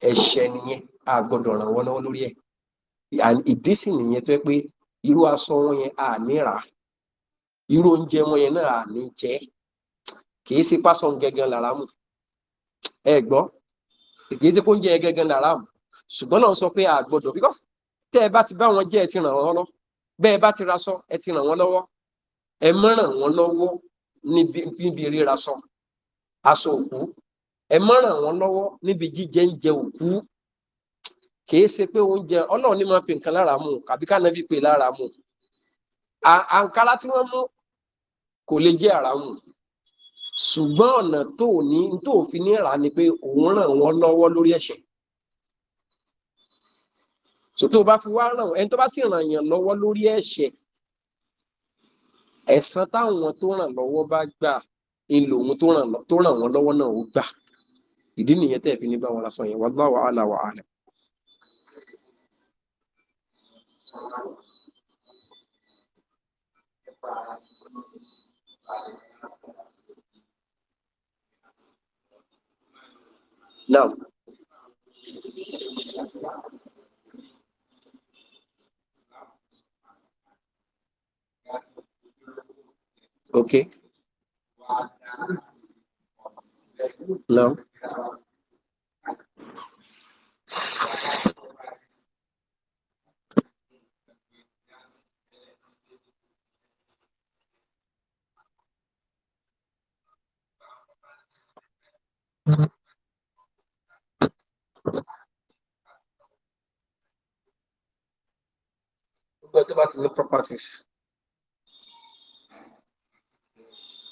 ẹ̀ṣẹ̀ nìyẹn a gbọ́dọ̀ ràn wọ́n lọ́wọ́ lórí ẹ̀ ìdí sì nìyẹn tó yẹ pé irú aṣọ wọn yẹn à ní oúnjẹ wọn yẹn náà à ní jẹ kì í ṣe pásọ gẹ́gẹ́ lára mu ẹ gbọ́ kì í ṣe kóúnjẹ gẹ́gẹ́ lára ṣùgbọ́n náà sọ pé a because ti bá wọn ẹ ti ràn ti raṣọ ẹ ti ràn wọn lọwọ ẹ ràn níbi aṣọ òkú ẹ ràn níbi jíjẹ ń kìí ṣe pé oúnjẹ ọlọ́run ní máa pè nǹkan lára mu àbí kánábì pè lára mu àǹkárá tí wọ́n mú kò lè jẹ́ ara mu ṣùgbọ́n ọ̀nà tó ní tó fi ní ra ni pé òun ràn wọ́n lọ́wọ́ lórí ẹ̀ṣẹ̀ tó bá fi wá ràn ẹni tó bá sì ràn yàn lọ́wọ́ lórí ẹ̀ṣẹ̀ ẹ̀san táwọn tó ràn lọ́wọ́ bá gbà ń lòun tó ràn wọ́n lọ́wọ́ náà ó gbà ìdí nìyẹn tẹ̀ fi ní bá wọn lásán yẹn wọ́n gbà wàhálà wàhálà. No. Okay. No. tó bá ti ní properties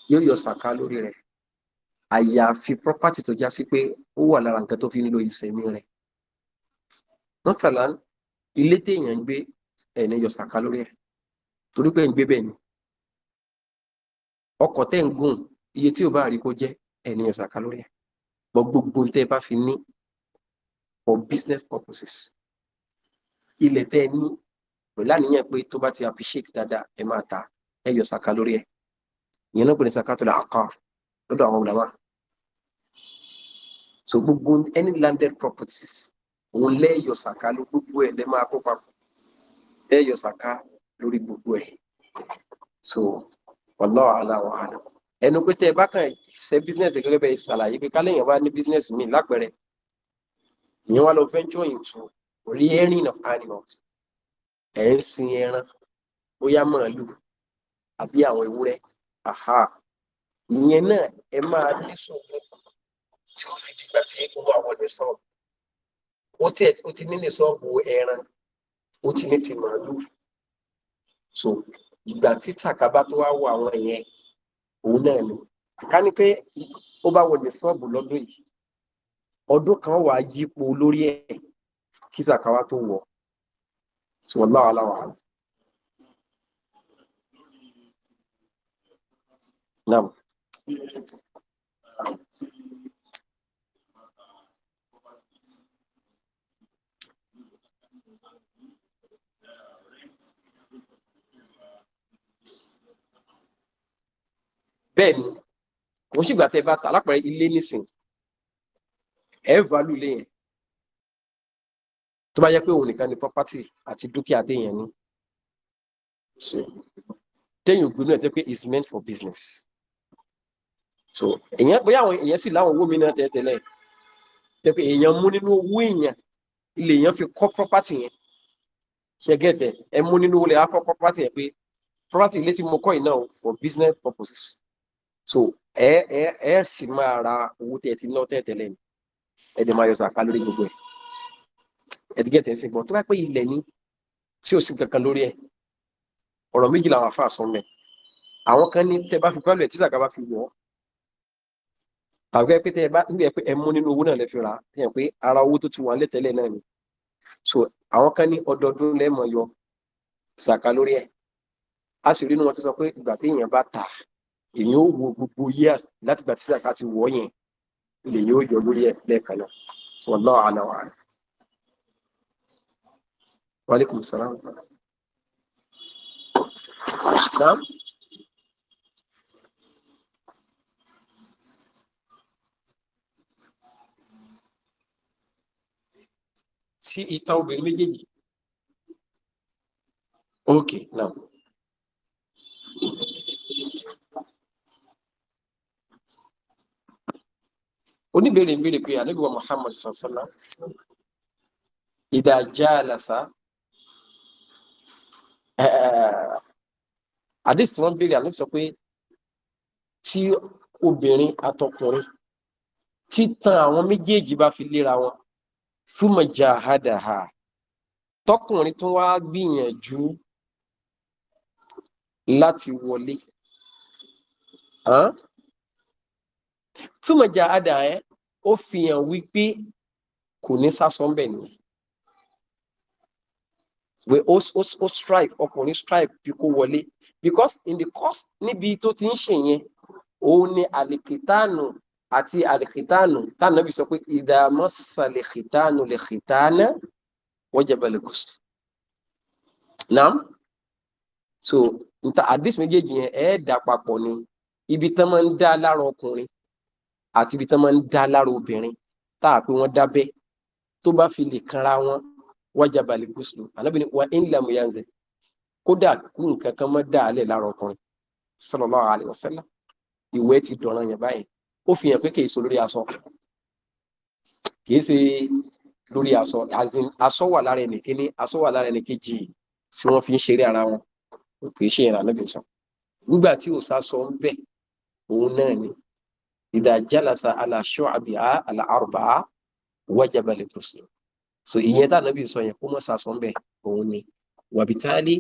yóò yọ sàká lórí rẹ̀ àyàfi property tó já sí pé ó wà lára nǹkan tó fi ń lo ìsẹ̀mí rẹ̀ nọ́tàlá ilé téèyàn ń gbé ẹ̀ní yọ sàká lórí rẹ̀ torí pé ń gbé bẹ́ẹ̀ ni ọkọ̀ tẹ́ ń gùn iye tí ò bá rí kó jẹ́ ẹ̀ní yọ sàká lórí rẹ̀ bọ́ gbogbo tẹ́ bá fi ní for business purposes ilẹ̀ tẹ́ ní pẹ̀lú àníyàn pé tó bá ti appreciate dáadáa ẹ máa ta ẹ yọ sàkà lórí ẹ ìyẹn náà pè ní tó lè àkà lọ́dọ̀ àwọn ọ̀làwà so gbogbo any landed properties òun lẹ́yọ̀ sàkà ló gbogbo ẹ̀ lẹ́ máa kó papọ̀ lẹ́yọ̀ sàkà lórí gbogbo ẹ̀ so wallahu ala wa ala ẹnu pé tẹ ẹ bá kàn ṣe business gẹ́gẹ́ bẹ́ẹ̀ ṣàlàyé pé kálẹ̀yìn wá ní business mi lápẹ̀rẹ̀ ìyẹn wá lọ venture into rearing of animals ẹ̀ ń sin ẹran bóyá màálù àbí àwọn ewúrẹ́ àhà ìyẹn náà ẹ máa ní sùúrù tí ó fi dìgbà tí ó wà wọlé sọ̀rọ̀ ó ti ó ti nílé sọ́ọ̀bù ẹran ó ti ní ti màálù so ìgbà tí tàkàbá tó wá wọ àwọn yẹn òun náà ni ká ní pé ó bá wọlé sọ́ọ̀bù lọ́dún yìí ọdún kan wà á yípo lórí ẹ̀ kí sàkáwá tó wọ̀ sí الله على láwàá. نعم bẹ́ẹ̀ ni wọ́n ṣìgbà tẹ bá ta lápẹ̀rẹ̀ ilé nísìn ẹ̀ value lé yẹn tó bá jẹ́ pé òun nìkan ni property àti dúkìá téèyàn ní téèyàn gbóná ẹ̀ tẹ́ pé is meant for business so èèyàn bóyá àwọn èèyàn sì láwọn owó mi náà tẹ́tẹ́lẹ̀ tẹ́ pé èèyàn mú nínú owó èèyàn ilé èèyàn fi kọ́ property yẹn ṣe gẹ́tẹ̀ ẹ mú nínú owó lè á kọ́ property yẹn pé property ilé tí mo kọ́ yìí náà for business purposes so ẹ ẹ ẹ sì máa ra owó tẹ́ ti ná tẹ́tẹ́lẹ̀ ẹ̀ dẹ̀ máa yọ sàkà lórí gbogbo ẹ̀ ẹ̀dígẹ́ tẹ̀sí gbọ́n tó bá pé ilẹ̀ ni tí ò sí kankan lórí ẹ̀ ọ̀rọ̀ méjì làwọn afa sọ mẹ́ àwọn kan ní tẹ bá fi pálọ̀ ẹ̀ tí sàkà bá fi wọ̀ tàbí pé tẹ bá níbi ẹ̀ pé ẹ mú nínú owó náà lẹ fi rà ẹ̀ pé ara owó tó ti wà lẹ́tẹ̀lẹ̀ náà ni so àwọn kan ní ọdọọdún lẹ́mọ̀ yọ sàkà lórí ẹ̀ a sì rí inú wọn tó sọ pé ìgbà tí èèyàn bá tà èèyàn ó wo gbogbo yíyà látìgbà tí sàkà ti wọ̀ yẹn lèyìn ó yọ lórí ẹ̀ lẹ́ẹ̀kan náà so wallahu a'lam وعليكم السلام نعم sí ìta obìnrin méjèèjì ok now oníbèrè ń bèrè pé ànábì wa Muhammad sallallahu alaihi wasallam ìdá jalasa àdìsí wọn béèrè àlọ́ sọ pé tí obìnrin àtọkùnrin títan àwọn méjèèjì bá fi léra wọn fúnmọ̀ jahadaha tọkùnrin tó wá gbìyànjú láti wọlé túmọ̀ jahadaha ẹ ó fi hàn wípé kò ní sásọ ń bẹ̀ we ó ó ó strive ọkùnrin strive bí kò wọlé because in the course níbi tó ti ń ṣe yẹn òun ni alikitanu. àti àlìkìtánù tánàbí sọ pé ìdààmú sàlìkìtánù lìkìtánà wajaba al-ghusl naam so nta àdís méjèèjì yẹn ẹ dà papọ̀ ni ibi tán máa ń dá lára ọkùnrin àti ibi tán máa ń dá lára obìnrin tá a pé wọ́n dábẹ́ tó bá fi lè kanra wọn wájàbà lè gúúsùlù anábìnrin wa inlam yanzil kódà kú nǹkan kan mọ́ dáálẹ̀ lára ọkùnrin sallallahu alaihi wasallam ìwẹ̀ ti dọ̀ràn yẹn báyìí ó fi hàn pé kì í so lórí aṣọ kì í ṣe lórí aṣọ azin aṣọ wà lára ẹnì kíní aṣọ wà lára ẹnì kejì tí wọ́n fi ń ṣeré ara wọn kì í ṣe ìrìn ànábì sàn nígbà tí òòsà sọ ń bẹ̀ òun náà ni ìdájálàsà aláṣọ àbíà aláàrùbá wájàbà lè so ìyẹn tá ànábì sọ yẹn kó mọ́ sàsọ́ ńbẹ̀ òun ni wàbítálí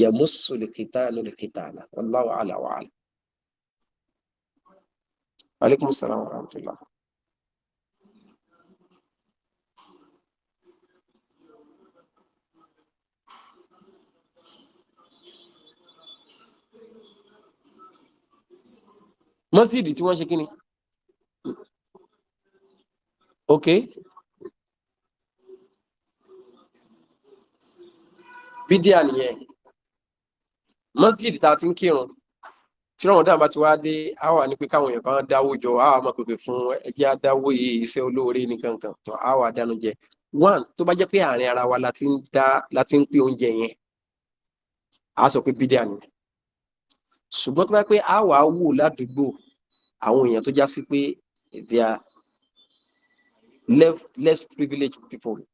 yàmúsù lèkìtà lòlèkìtà àlà wallahu àlà wà àlà. aleykum salaam wa rahmatulah. mọ́sídìí tí wọ́n ṣe kí ni hmm. ok bídíà nìyẹn masjid tá a ti ń kírun tí rọ̀mọ̀dá bá ti wá dé a wà ní pé káwọn èèyàn kan dáwó jọ a máa pèpè fún ẹjẹ́ adáwó yìí iṣẹ́ olóore nìkankan tó a wà jẹ one tó bá jẹ́ pé àárín ara wa la ti ń dá la ti ń pín oúnjẹ yẹn a sọ pé bídíà nìyẹn ṣùgbọ́n tó bá pé a wà ládùúgbò àwọn èèyàn tó já sí pé they are less privileged people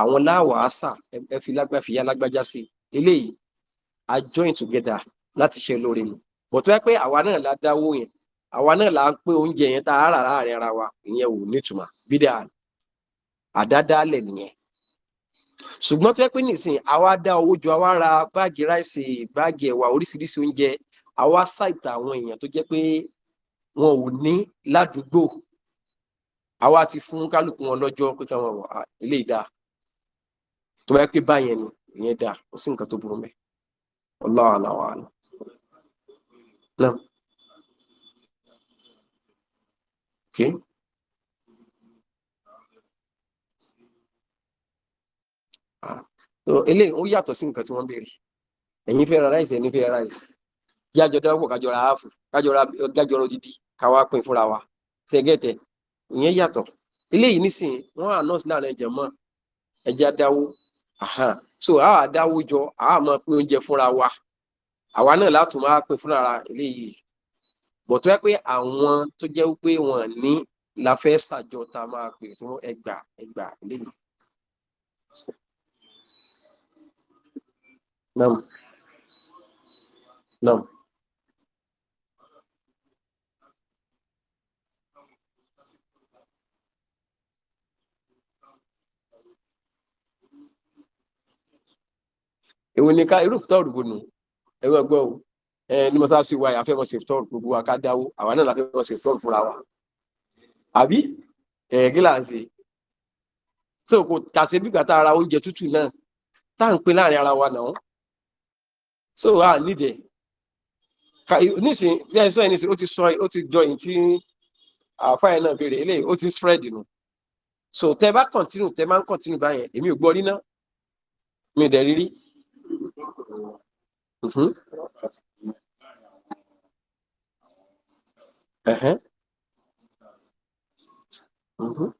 àwọn láwàásà ẹ fi lágbá fi yá lágbájá sí eléyìí a join together láti ṣe lóore ni bọ̀tọ́ ẹ pé àwa náà la dáwó yẹn àwa náà la ń pé oúnjẹ yẹn tá a rà láàrin ara wa ìyẹn ò nítumọ̀ bídà àdádálẹ̀ nìyẹn ṣùgbọ́n tó yẹ pé nìsín àwa dá owó jọ àwa ra báàgì ráìsì báàgì ẹ̀wà oríṣiríṣi oúnjẹ àwa ṣàìtà àwọn èèyàn tó jẹ́ pé wọn ò ní ládùúgbò àwa ti fún kálukú wọn lọ́jọ́ pé káwọn wà eléyìí dáa tó bá pé báyẹn ni ìyẹn dáa kò sí nǹkan tó burú mẹ́ Allahu a'lam náà okay. Ah, so eléyìí ó yàtọ̀ sí nǹkan tí wọ́n béèrè ẹ̀yin fẹ́ ra ráìsì ẹ̀yin fẹ́ ra ráìsì yájọ dáwọ́ kájọra áàfù kájọra odidi káwá pín fúnra wa tẹ́gẹ́tẹ̀ ìyẹn yàtọ̀ eléyìí nísìnyí wọ́n àná sí láàrin ẹ̀jẹ̀ mọ́ ẹ̀jẹ̀ adáwó so a dáwó jọ a máa pín oúnjẹ fúnra wa àwa náà látò máa pín fúnra eléyìí bọ̀ tó yẹ pé àwọn tó jẹ́ pé wọ́n ní la fẹ́ ṣàjọ tá a máa pè fún ẹgbà ẹgbà eléyìí. Não. Não. èwo ni ká irú ìfitọ́rù bò nù ẹ̀rọ ẹgbẹ́ o ẹ ní mọ́sáàsì wa àfẹ́ mọ́ ṣèfitọ́rù gbogbo wa ká dáwó àwa náà láfẹ́ mọ́ ṣèfitọ́rù fúnra wa àbí ẹ̀ẹ́dí là ń ṣe so kò tàṣe bí gbàtà ara oúnjẹ tútù náà tá à ń pín láàrin ara wa náà so a nídẹ̀ nísìn yẹn sọ yẹn nísìn ó ti sọ ó ti jọ yìí tí àfáà náà béèrè eléyìí ó ti spread nù so tẹ bá continue tẹ máa ń continue báyẹn èmi ò gbọ́ rí náà mi ò dẹ̀ rírí Uhum. Aham. Uhum. Mm-hmm. Uhum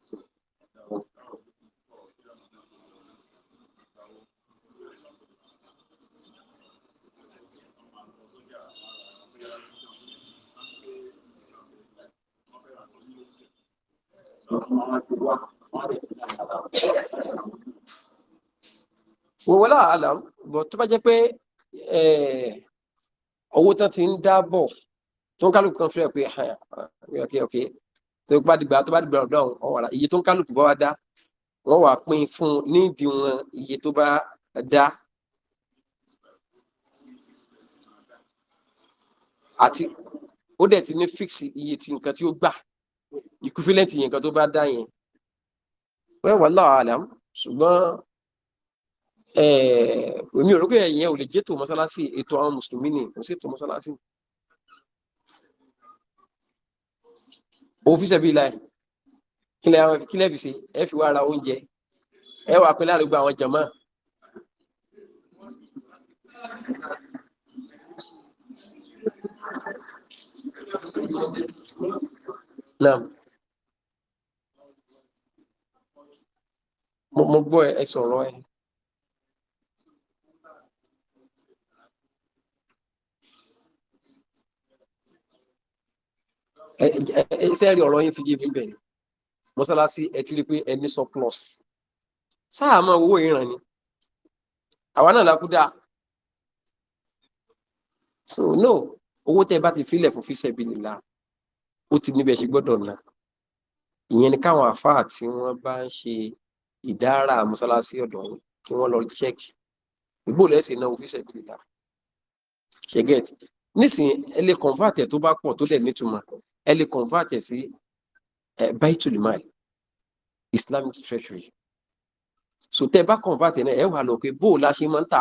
wọ́wọ́ láàlá bọ̀ tó bá jẹ́ pé eh, owó tán ti ń dá bọ̀ tó ń kálukú kan fílẹ̀ pé ok ok tó bá dìgbà tó bá dìgbà ọ̀dọ́ ọ̀wàrà iye tó ń kálukú bá wá dá wọ́n wà pín fún nídìí wọn iye tó bá dá àti ó dẹ̀ ti ní fíksì iye ti nǹkan tí ó gbà equivalent yẹn nǹkan tó bá dá yẹn wẹ́wàá láàlá ṣùgbọ́n Eh, èmi ò rò pé ẹ̀yìn ò lè jẹ́ tó mọ́sálásí ètò àwọn mùsùlùmí ni kò sí ètò mọ́sálásí òfíìsẹ̀ bíi láì kílẹ̀ fi ṣe ẹ fi wá ara oúnjẹ ẹ wà pẹ́ láàrin gba àwọn jàmá mo gbọ́ ẹ sọ̀rọ̀ ẹ. sẹ́ẹ̀rì ọ̀rọ̀ yín ti yé mi bẹ̀rẹ̀ mọ́sálásí ẹ ti rí pé ẹni sọ plus sáà mọ owó ìran ni àwa náà la kú dáa so no owó tẹ bá ti filẹ̀ fún fíṣẹ̀ bí nìlá ó ti níbẹ̀ ṣe gbọ́dọ̀ náà ìyẹn ni káwọn àfáà tí wọ́n bá ń ṣe ìdára mọ́sálásí ọ̀dọ̀ yìí kí wọ́n lọ chẹ́ẹ̀kì ìbò lẹ́sìn náà òfíṣẹ́ bí nìlá ṣe gẹ̀ẹ́tì nísìnyí ẹ lè kọ̀ǹfàtẹ̀ tó bá pọ̀ tó dẹ̀ nítumọ̀ ẹ lè convert ẹ̀ sí eh, baitul mal islamic treasury so tẹ́ bá convert ẹ̀ náà ẹ wà lọ pé bó o la ṣe máa ń ta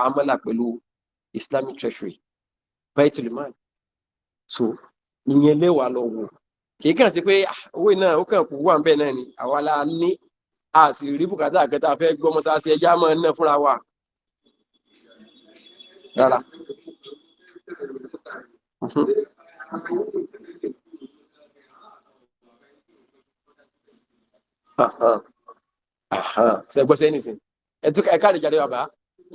islamic treasury baitul mal so ìyẹn lẹ́wà lọ wò kìí kàn sí pé ah, owó náà ó kàn kú wà ń bẹ̀ náà ni àwa la ní a sì rí bùkátà àkẹta fẹ́ gbọ́ mọ́sáàsì ẹja máa ń ná ṣẹgbọ́n sẹ́yìn nìsín ẹ̀tún ẹ̀ka àdìjàre bàbá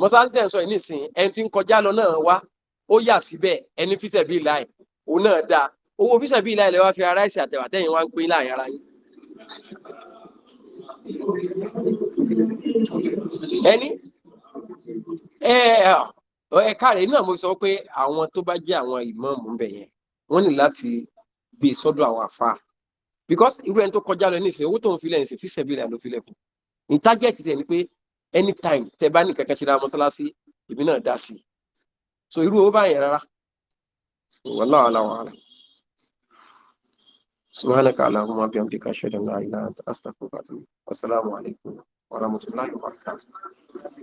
mọ́sáàsì tẹ̀ ń sọ yìí nìsín ẹni tí ń kọjá lọ náà wá ó yà síbẹ̀ ẹni fíṣẹ̀ bíi láì òun náà dáa owó fíṣẹ̀ bíi láì lè wá fi ara ẹ̀sìn àtẹ̀wà tẹ̀yìn wá ń pín láàrin ara yín. ẹni ẹ̀ka rẹ̀ náà mo sọ pé àwọn tó bá jẹ́ àwọn ìmáàmù ń bẹ̀ yẹn wọ́n ní láti gbé e sọ́dọ̀ àwọn àfáà because irú ẹni tó kọjá lọ nísìnyí owó tó ń filẹ̀ nísìnyí fíṣẹ̀ bílẹ̀ ló filẹ̀ fún ní tájẹ́ẹ̀tì tẹ̀ ni pé anytime tẹ bá ní kankan ṣe ra mọ́sálásí èmi náà dá sí i so irú owó báyẹn rárá wàhálà wàhálà wàhálà subhanaka allahumma wa bihamdika ashhadu an la ilaha illa anta astaghfiruka wa atubu assalamu alaikum wa rahmatullahi wa barakatuh